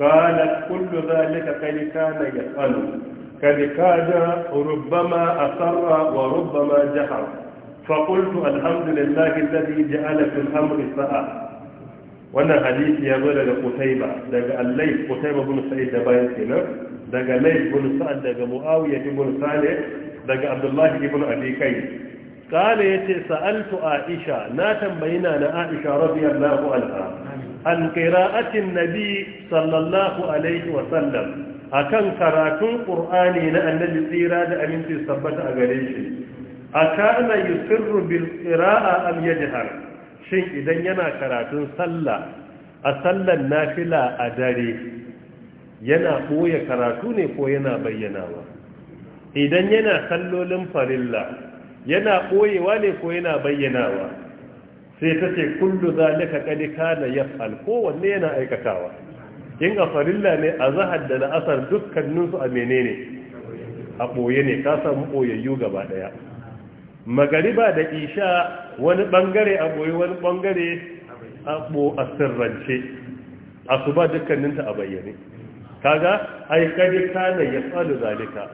قال كل ذلك كي كان يفعل كذ كان ربما أسر وربما جهر فقلت الحمد لله الذي جعل في الأمر ساعة wannan hadisi ya zo daga Qutayba daga Allai Qutayba bin Sa'id da bayan kenan daga Layth bin Sa'ad daga Muawiya ibn Salih daga kala ya ce sa'altu aisha na tambayi na na aisha radiyallahu anha an qira'atin nabi sallallahu alaihi wa sallam akan karatun ƙur'ani na annabi tsira da aminci sabbata a gare shi akana yusirru bil qira'a am yajhar shin idan yana karatun sallah a sallan nafila a dare yana ɓoye karatu ne ko yana bayyanawa idan yana sallolin farilla yana ɓoyewa ne ko yana bayyanawa sai ta ce kullu zalika qad kana yaf'al kowanne yana aikatawa in a farilla ne a zahar da la'asar dukkaninsu a menene a ɓoye ne ka samu ɓoyayyu gaba ɗaya magariba da isha wani ɓangare a ɓoye wani ɓangare a ɓo a sirrance a dukkaninta a bayyane kaga ai kadi kana yafal zalika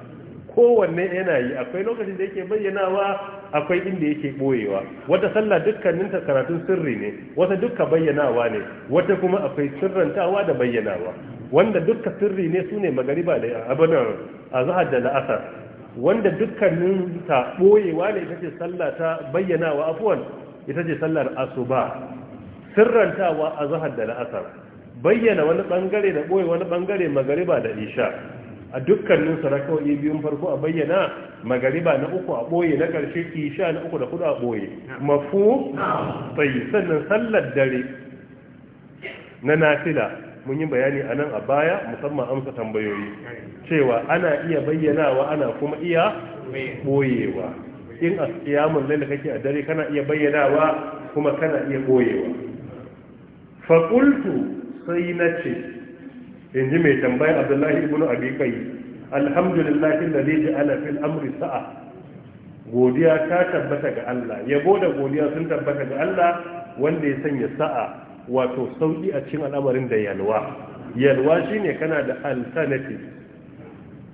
kowanne yana yi akwai lokacin da yake bayyanawa akwai inda yake boyewa wata sallah dukkanin ta karatun sirri ne wata dukka bayyanawa ne wata kuma akwai sirrantawa da bayyanawa wanda dukka sirri ne sune magariba da abinan azhar da la'asar wanda dukkanin ta boyewa ne ita ce sallah ta bayyanawa afwan ita ce sallar asuba sirrantawa azhar da la'asar bayyana wani bangare da boye wani bangare magariba da isha a dukkanin su biyun farko a bayyana magariba na uku a ɓoye na karshe isha na uku da kudu a ɓoye. mafu tsaye sannan sallar dare na nafila mun yi bayani a nan a baya musamman amsa tambayoyi cewa ana iya bayyanawa ana kuma iya ɓoyewa. in a tsiyamun laila kake a dare kana iya bayyanawa kuma kana iya ɓoyewa. faƙultu sai na ce in ji mai tambayi abdullahi ibn abi kai alhamdulillah alladhi ja'ala fil amri sa'a godiya ta tabbata ga Allah yabo da godiya sun tabbata ga Allah wanda ya sanya sa'a wato sauki a cikin al'amarin da yalwa yalwa shine kana da alternative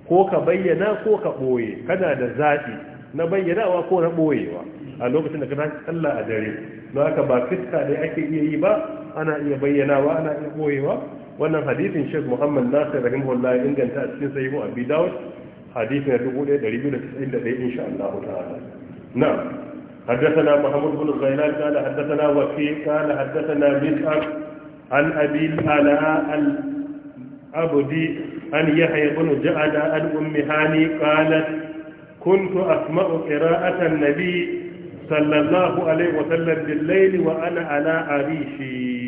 ko ka bayyana ko ka boye kana da zaɓi na bayyanawa ko na boyewa a lokacin da ka tsalla a dare don haka ba fiska ne ake iya yi ba ana iya bayyanawa ana iya boyewa wannan hadisin Sheikh Muhammad Nasir rahimahullah inganta a cikin sahihu Abi Dawud hadisi 1291 insha Allah ta'ala na'am حدثنا محمود بن الغيلان قال حدثنا وكيع قال حدثنا مسعر عن أبي الالاء العبدي عن يحيى بن جعد عن أم هاني قالت كنت أسمع قراءة النبي صلى الله عليه وسلم بالليل وأنا على عريشي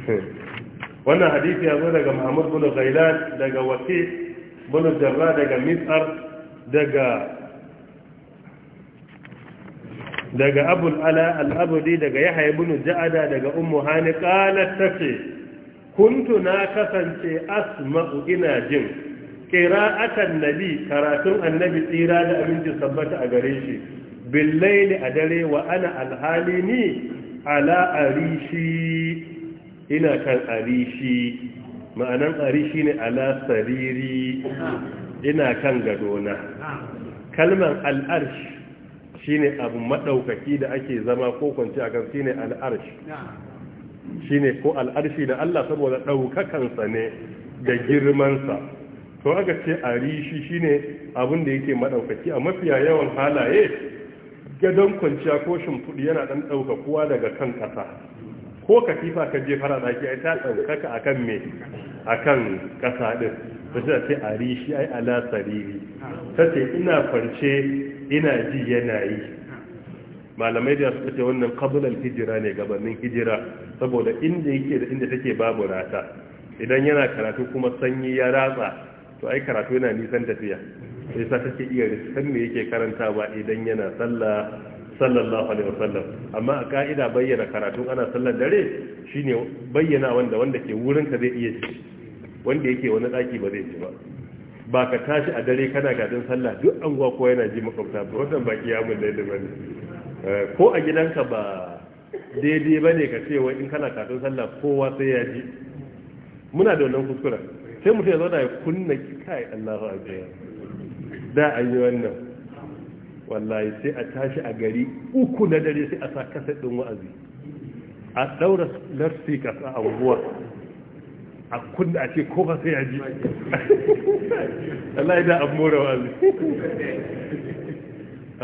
wannan hadisi ya zo daga Muhammad bin Ghailan daga wasi bin jarra daga Mis'ar daga daga abul ala al abudi daga Yahya bin Ja'ada daga Ummu Hani qalat tace kuntu na kasance asma'u ina jin qira'atan nabi karatun annabi tsira da aminci sabbata a gare shi billaili a dare wa ana alhali ni ala arishi ina kan arishi ma'anan arishi ne ala sariri ina kan gadona kalman al'arsh shine abu maɗaukaki da ake zama ko kwanci kan shine al'arsh shine ko al'arshi da Allah saboda ɗaukakansa ne da girmansa to aka ce arishi shine abin da yake maɗaukaki. a mafiya yawan halaye gadon kwanciya ko shimfiɗi yana ɗan ɗaukakuwa daga kan ƙasa ko katifa ka je fara daki ai ta ɗaukaka akan me a kan ƙasa ɗin ta ce ari a rishi ai ala sariri ta ce ina farce ina ji yanayi. malamai da suka ce wannan al hijira ne gabanin hijira saboda inda yake da inda take babu rata idan yana karatu kuma sanyi ya ratsa to ai karatu yana nisan tafiya yasa ce iya san me yake karanta ba idan yana sallah sallallahu alaihi wasallam amma a ka'ida bayyana karatu ana sallar dare shine bayyana wanda wanda ke wurin ka zai iya ji wanda yake wani daki ba zai ji ba ba ka tashi a dare kana gadin sallah duk anguwa ko yana ji makwabta ba wannan ba kiyamun da yadda ne. Eh, ko a gidanka ba daidai bane ka ce wai in kana katun sallah kowa sai ya ji muna da wannan kuskuren sai mutum ya zauna ya kunna kai Allahu akbar da an yi wannan wallahi sai a tashi a gari uku na dare sai a sa kasar ɗin wa'azi a ɗaura kasa a anguwar a kunna a ce ko ba sai ya ji Allah ya da an mora wa'azi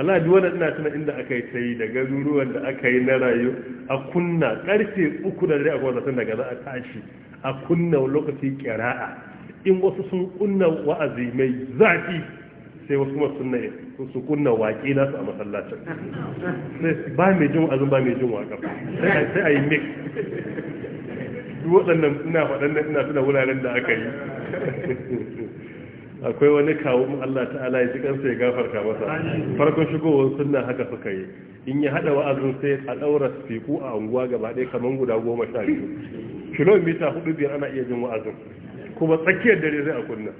Allah duk wannan ina tuna inda aka yi tayi da garuruwan da aka yi na rayu a kunna karfe uku da dare a kuma tun daga za a tashi a kunna lokaci kira'a in wasu sun kunna wa'azi mai zafi sai wasu kuma sunna su kunna waƙi su a masallacin sai ba mai jin azun ba mai jin waƙa sai a yi mix duk waɗannan ina faɗannan ina suna wuraren da aka yi akwai wani kawo mu Allah ta'ala ya ji kansa ya gafarta masa farkon shigowar sunna haka suka yi in ya hada wa'azin sai a daura fiku a unguwa gaba ɗaya kamar guda goma sha biyu kilomita hudu biyar ana iya jin wa'azin kuma tsakiyar dare zai a kunna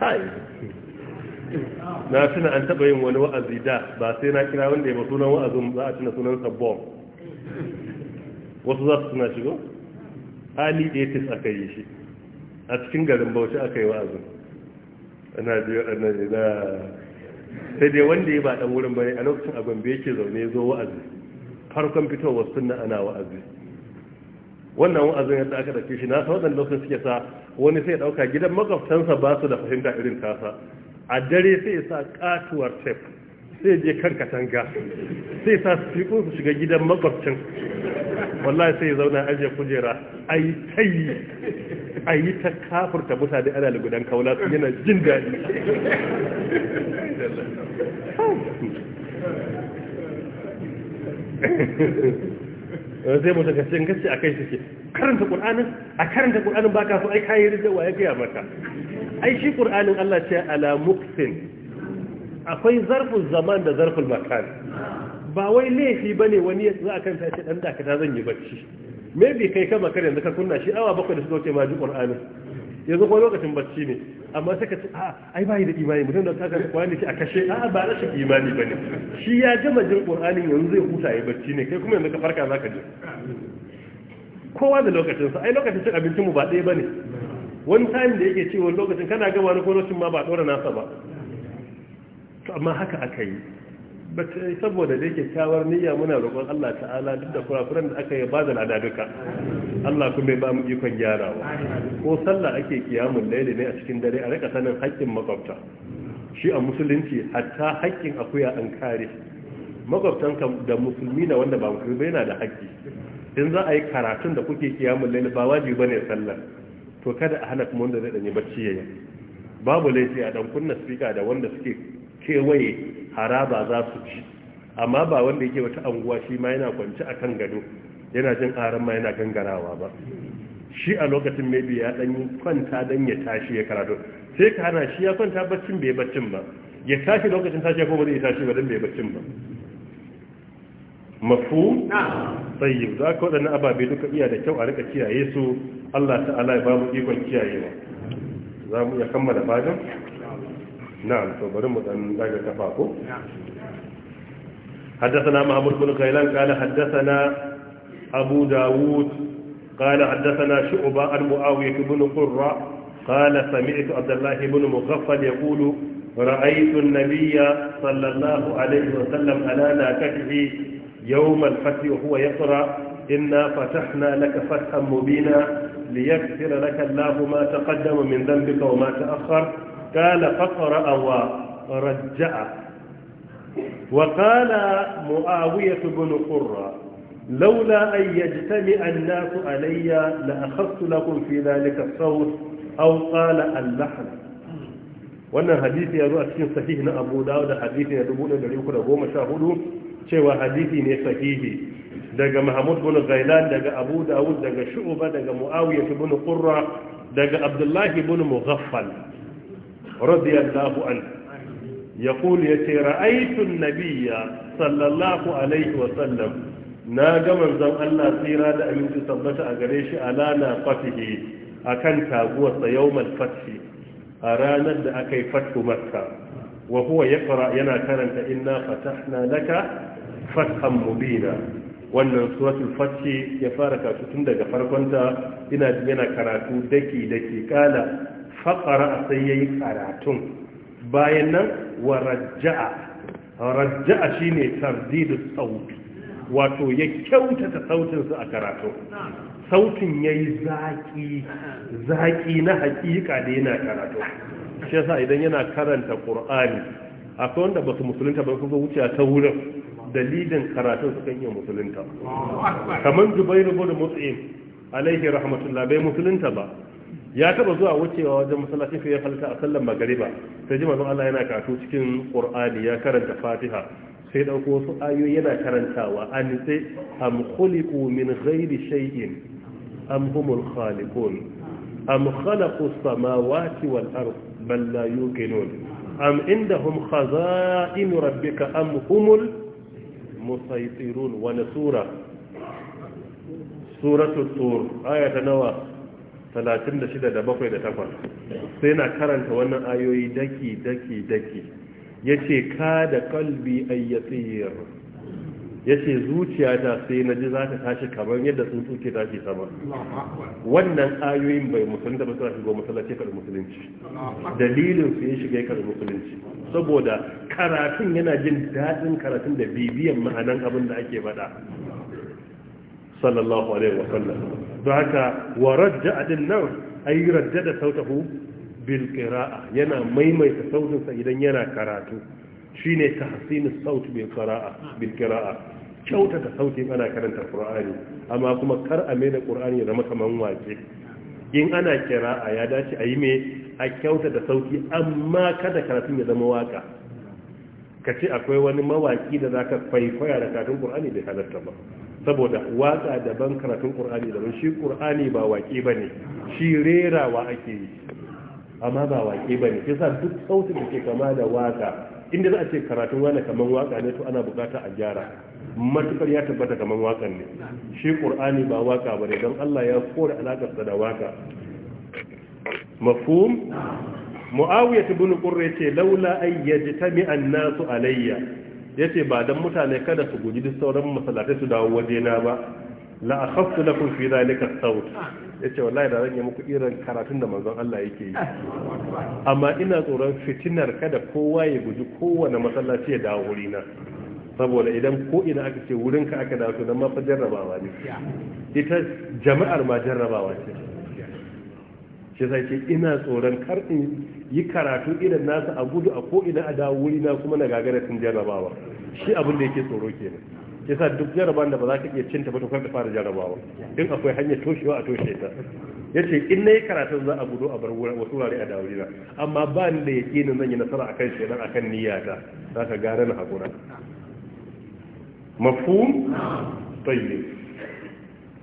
hai na tuna an taɓa yin wani wa'azi da ba sai na kira wanda ya ba sunan wa'azin za a tuna sunan sabon wasu za su suna shigo Ali etis aka yi shi a cikin garin bauchi aka yi wa'azin ana biyo na da sai dai wanda ya ba dan wurin bane a lokacin a gombe yake zaune ya zo wa'azi farkon fitowar suna ana wa'azi wannan wa'azin yadda aka dauke shi na sa waɗanda sun suke sa wani sai ya dauka gidan makwabtansa ba su da fahimta irin kasa. a dare sai ya sa katuwar tef sai je kan katanga sai sa fikun su shiga gidan makwabcin wallahi sai ya zauna aje kujera ai yi ta kafurta mutane ana lugudan kaula su yana jin daɗi zai mutu daga cikin gaske akai suke karanta qur'anin a karanta qur'anin ka so ai kai rijda wa ya maka ai shi qur'anin Allah ce ala muksin akwai zarful zaman da zarfin makan ba wai laifi bane wani ya za a kanta ce dan da ka zan yi bacci maybe kai kama kar yanzu ka kunna shi awa bakwai da suka doke ma ji qur'anin yanzu kuma lokacin bacci ne amma sai ka ce a ai bai da imani mutum da kaka kwani shi a kashe a ba shi imani bane shi ya gama jin qur'anin yanzu zai huta yayin bacci ne kai kuma yanzu ka farka zaka ji kowa da lokacin sa ai lokacin cin abincin mu ba ɗaya bane wani time da yake cewa lokacin kana gama na ko lokacin ma ba dora nasa ba to amma haka aka yi saboda da yake kyawar niyya muna roƙon Allah ta'ala duk da kurakuran da aka yi ba da lada duka Allah kuma ba mu ikon gyarawa ko sallah ake kiyamun laili ne a cikin dare a rika sanin haƙƙin makwabta shi a musulunci hatta haƙƙin akuya an kare makwabtan kam da musulmi na wanda ba musulmi yana da haƙƙi in za a yi karatun da kuke kiyamun laili ba wajibi bane sallar to kada a hana kuma wanda zai danyi bacci yayi babu laifi a dan kunna spika da wanda suke kewaye haraba za su ji amma ba wanda yake wata anguwa shi ma yana kwanci a kan gado yana jin ƙaran ma yana gangarawa ba shi a lokacin maybe ya ɗan kwanta don ya tashi ya karatu sai ka hana shi ya kwanta baccin bai baccin ba ya tashi lokacin tashi ko ba zai tashi ba don bai baccin ba mafu sai za ka waɗannan ababe duka iya da kyau a rika kiyaye su allah ta'ala ya ba mu ikon kiyayewa za mu iya kammala fadin na'am to bari mu dan daga kafa ko حدثنا محمود بن غيلان قال حدثنا أبو داود قال حدثنا شعبة عن معاوية بن قرة قال سمعت عبد الله بن مغفل يقول رأيت النبي صلى الله عليه وسلم على ناكته يوم الفتح وهو يقرأ إنا فتحنا لك فتحا مبينا ليغفر لك الله ما تقدم من ذنبك وما تأخر قال فقرأ ورجع وقال معاوية بن قرة لولا أن يجتمع الناس علي لأخذت لكم في ذلك الصوت أو قال اللحن wannan hadisi ya zo a cikin sahihi na abu da hadisi na 1314 cewa hadisi ne sahihi daga mahmud bin gailan daga abu dawud daga shu'ba daga muawiya bin qurra daga abdullahi bin Muhaffal. radiyallahu an yaqul yace ra'aytu an-nabiyya sallallahu alaihi wa sallam na ga manzon Allah tsira da aminci tabbata a gare shi alana fatihi akan taguwarsa yawmal fathi a ranar da aka yi fathu makka wa huwa yaqra yana karanta inna fatahna laka fathan mubina wannan suratul fathi ya fara kasu tun daga farkonta ina yana karatu daki daki kala faƙara sai ya yi karatun bayan nan wa raja'a raja'a shi ne tarzidu sauti wato ya kyautata sautinsu a karatu sautin ya yi zaƙi zaƙi na haƙiƙa da yana karatu shi yasa idan yana karanta ƙur'ani a wanda da su musulunta ba su zo wuce ta wurin dalilin karatun su kan iya musulunta kamar jubairu bin mutsim alaihi rahmatullah bai musulunta ba ya taba zuwa wucewa wajen masallaci sai ya halka a sallan magariba sai ji manzon Allah yana karatu cikin ƙur'ani ya karanta Fatiha sai ɗauko wasu ayoyi yana karantawa an sai am khuliqu min ghairi shay'in am humul khaliqun am khalaqu samawati wal ard bal la yuqinun am indahum khaza'in rabbika am humul musaytirun wa nasura suratul tur ayata nawa talatin da shida da bakwai da takwas sai na karanta wannan ayoyi daki daki daki ya ce ka da kalbi ayyatsiyar ya ce zuciyata sai na ji za ta tashi kamar yadda sun suke tashi sama wannan ayoyin bai musulunta ba suna shigo masallaci kada musulunci dalilin su ya shiga kada musulunci saboda karatun yana jin daɗin karatun da bibiyan ma'anan abin da ake faɗa sallallahu alaihi wa sallam don haka wa rajja din nan ayi rajja da sautahu bil qira'a yana maimaita sautinsa idan yana karatu shine tahsinus saut bil qira'a bil qira'a kyautata sautin ana karanta qur'ani amma kuma kar a mai da qur'ani ya zama kaman in ana kira'a ya dace a yi mai a kyautata sauti amma kada karatun ya zama waka kace akwai wani mawaki da zaka faifaya da karatun qur'ani bai halarta ba saboda waka daban karatun ƙur'ani daban shi ƙur'ani ba waƙe ne, shi rerawa ake yi amma ba waƙe ne sa duk sautin da ke kama da waka inda za a ce karatun wani kamar waka ne to ana bukata a gyara matukar ya tabbata kaman wakan ne shi ƙur'ani ba waka ne, don Allah ya kore alakar da waka mafhum muawiya ibn qurra yace laula ay an-nasu alayya Ya ce ba don mutane kada su guji duk sauran masallatai su dawo waje na ba la na kun fi dhalika Ya ce wallahi da zan yi muku irin karatun da manzon Allah yake yi amma ina tsoron fitinar kada kowa ya guji kowane masallaci ya dawo wuri na saboda idan ko ina aka ce wurin ka aka dawo dan ma fa jarrabawa ne ita jama'ar ma jarrabawa ce shi sai ce ina tsoron kar in yi karatu idan nasa a gudu a ko'ina a dawo wuri na kuma na gagara sun jarrabawa shi abin da yake tsoro kenan yasa duk jarrabawan da ba za ka iya cinta ba to kar ka fara jarrabawa in akwai hanyar toshewa a toshe ta yace in nayi karatu za a gudu a bar wasu wurare a dawo na amma ba ni da ni zan yi nasara kan shi dan akan niyyata za ka gara na hakura mafhum tayyib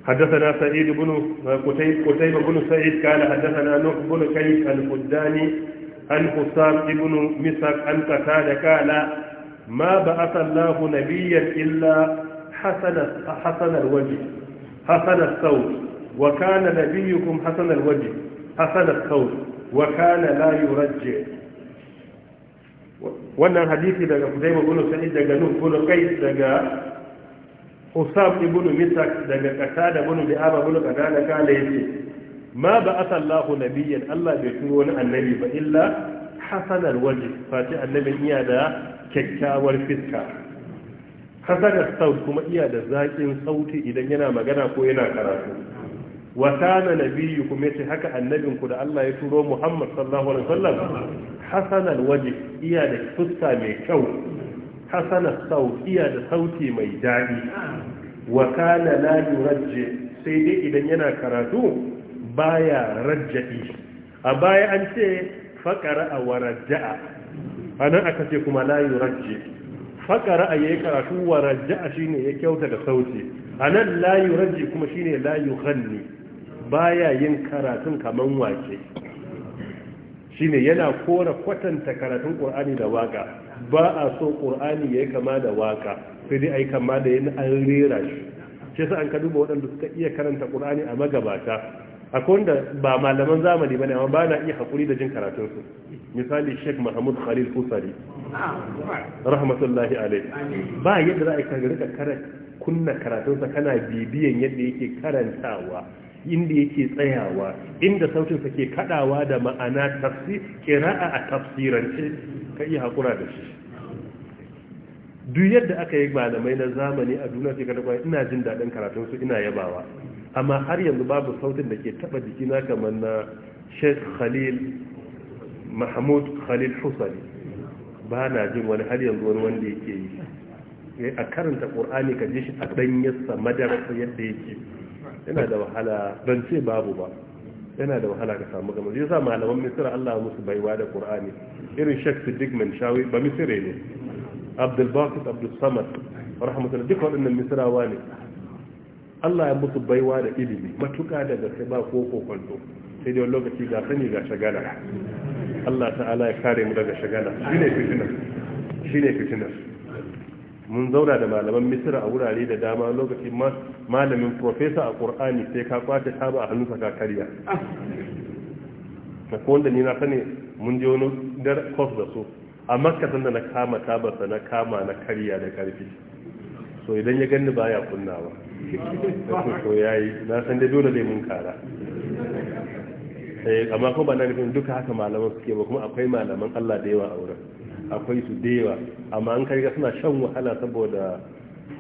حدثنا سعيد بن قتيبة بن سعيد قال حدثنا نوح بن كيس الفداني an Husam ibn Misak an qatada kana ma ba ba'atha Allahu nabiyyan illa hasana waje. alwajh hasana althawb wa kana nabiyyukum hasana waje. hasana althawb wa kana layu yurajji wannan hadisi daga Qudayma ibn Sa'id daga Nuh ibn Qais daga Husam ibn Misak daga Qatada ibn Bi'aba ibn Qatada kana yace ma ba asallahu nabiyyan Allah bai turo wani annabi ba illa hasanal waje. fati annabin iya da kyakkyawar fiska hasanar saut kuma iya da zaƙin sauti idan yana magana ko yana karatu wa nabiyyu kuma yace haka annabin ku da Allah ya turo Muhammad sallallahu alaihi wasallam hasanal waje iya da fuska mai kyau hasanar saut iya da sauti mai daɗi wa kana la yurajji sai dai idan yana karatu baya rajja'i a baya an ce faƙara a wa rajja'a a nan aka ce kuma layu rajje faƙara a yayi karatu wa rajja'a shine ya kyauta da sauti a nan layu rajje kuma shine layu hanni baya yin karatun kaman wake shine yana kora kwatanta karatun ƙur'ani da waka ba a so ƙur'ani ya yi kama da waka sai dai a yi kama da yin an rera shi shi sa an ka duba waɗanda suka iya karanta ƙur'ani a magabata akwai wanda ba malaman zamani bane amma ba na iya hakuri da jin karatun misali Sheikh Mahmud Khalil Fusari rahmatullahi alaihi ba yadda za a ka rika kare kunna karatun kana bibiyan yadda yake karantawa inda yake tsayawa inda sautin sa ke kadawa da ma'ana tafsir kira'a a tafsirance ka iya hakura da shi duk yadda aka yi malamai na zamani a duniya ke kada ina jin daɗin karatunsu ina yabawa amma har yanzu babu sautin da ke taba jikina kamar na sheikh khalil mahmud khalil husari ba na jin wani har yanzu wani wanda yake yi eh, a karanta ƙorani ka ji shi a ɗanyarsa madarasa yadda yake yana da wahala ban ce babu ba yana da wahala ka samu gama zai sa malaman misira allah musu baiwa da ƙorani irin sheikh siddiq man shawi ba misira ne abdulbakis abdulsamad rahmatullahi duk waɗannan misirawa ne Allah ya mutu baiwa da ilimi matuka da gaske ba ko kokonto sai dai lokaci ga sani ga shagala Allah ta'ala ya kare mu daga shagala shine fitina shine fitina. mun zauna da malaman misira a wurare da dama lokaci malamin profesa a ƙur'ani sai ka kwace taba a hannunsa ka karya Ko wanda ni na sani mun je wani dar kos da su a makasan da na kama tabarsa na kama na karya da karfi so idan ya ganni baya kunnawa ko ya yi, na san dai dole zai mun kara eh amma ko ba na nufin duka haka malaman suke ba kuma akwai malaman Allah da yawa a wurin akwai su da yawa amma an kai ga suna shan wahala saboda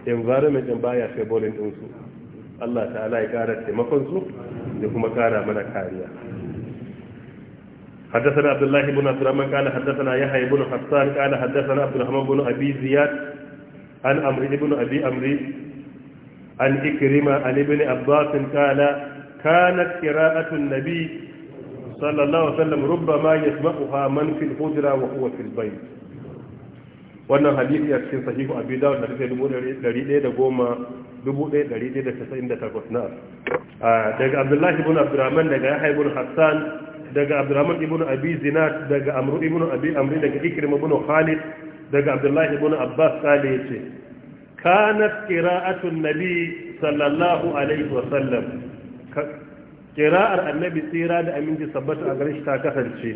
environment din baya favorin din su Allah ta'ala ya kara taimakon su da kuma kara mana kariya حدثنا عبد الله بن عبد الرحمن قال حدثنا يحيى بن حسان قال حدثنا عبد الرحمن بن ابي زياد عن عمرو بن ابي عمرو عن إكرمة عن ابن عباس قال كانت قراءة النبي صلى الله عليه وسلم ربما يسمعها من في الحجرة وهو في البيت wannan hadisi a cikin sahihu abu dawud da rufe 1198 daga abdullahi ibn abdurrahman daga yahya ibn hassan daga abdurrahman ibn abi zinat daga amru ibn abi amri daga ikrim ibn khalid daga abdullahi ibn abbas kale yace kanat qira'atun nabi sallallahu alaihi wa sallam qira'ar annabi tsira da aminci sabbata a garin shi ta kasance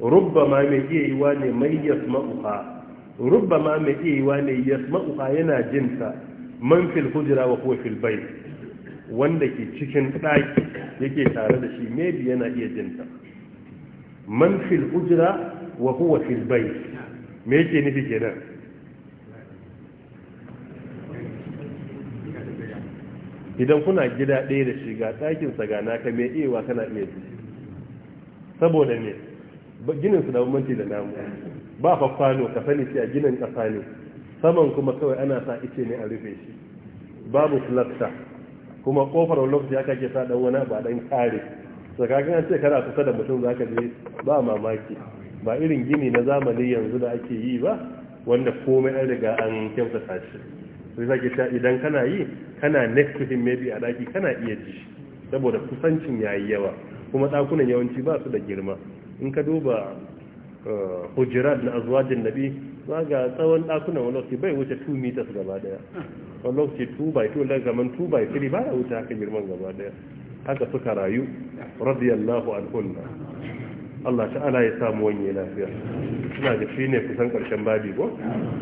rubbama mai iya yiwa ne mai yasma'uha rubbama mai iya yiwa ne yasma'uha yana jinta man fil hujra wa huwa fil bayt wanda ke cikin ɗaki yake tare da shi maybe yana iya jinta man fil hujra wa huwa fil bayt me yake nufi kenan idan kuna gida ɗaya da shiga, ɗakin saga na ka mai kana iya ji saboda ne ginin su da bambanci da namu ba faffano ka sani a ginin ƙasa ne saman kuma kawai ana sa ice ne a rufe shi babu flasta kuma kofar lok lokaci aka ke sa dan wani ba a dan kare sakamakon an ce kana kusa da mutum zaka je ba mamaki ba irin gini na zamani yanzu da ake yi ba wanda komai an riga an kyautata shi sai zaki ta idan kana yi kana next to him maybe a daki kana iya ji saboda kusancin yayi yawa kuma dakunan yawanci ba su da girma in ka duba eh, hujjirar na azwajin nabi za ga tsawon dakunan wani lokaci bai wuce 2 meters gaba daya wani lokaci 2 by 2 da gaman 2 by 3 ba ya wuce haka girman gaba daya haka suka rayu radiyallahu anhunna Allah ta'ala ya samu wani lafiya suna da shi ne kusan ƙarshen babi ko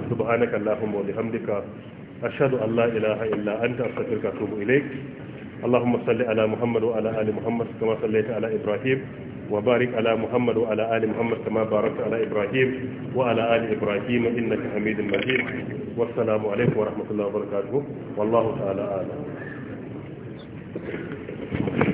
subhanaka allahumma wa bihamdika أشهد أن لا إله إلا أنت أستغفرك وأتوب إليك اللهم صل على محمد وعلى آل محمد كما صليت على إبراهيم وبارك على محمد وعلى آل محمد كما باركت على إبراهيم وعلى آل إبراهيم إنك حميد مجيد والسلام عليكم ورحمة الله وبركاته والله تعالى أعلم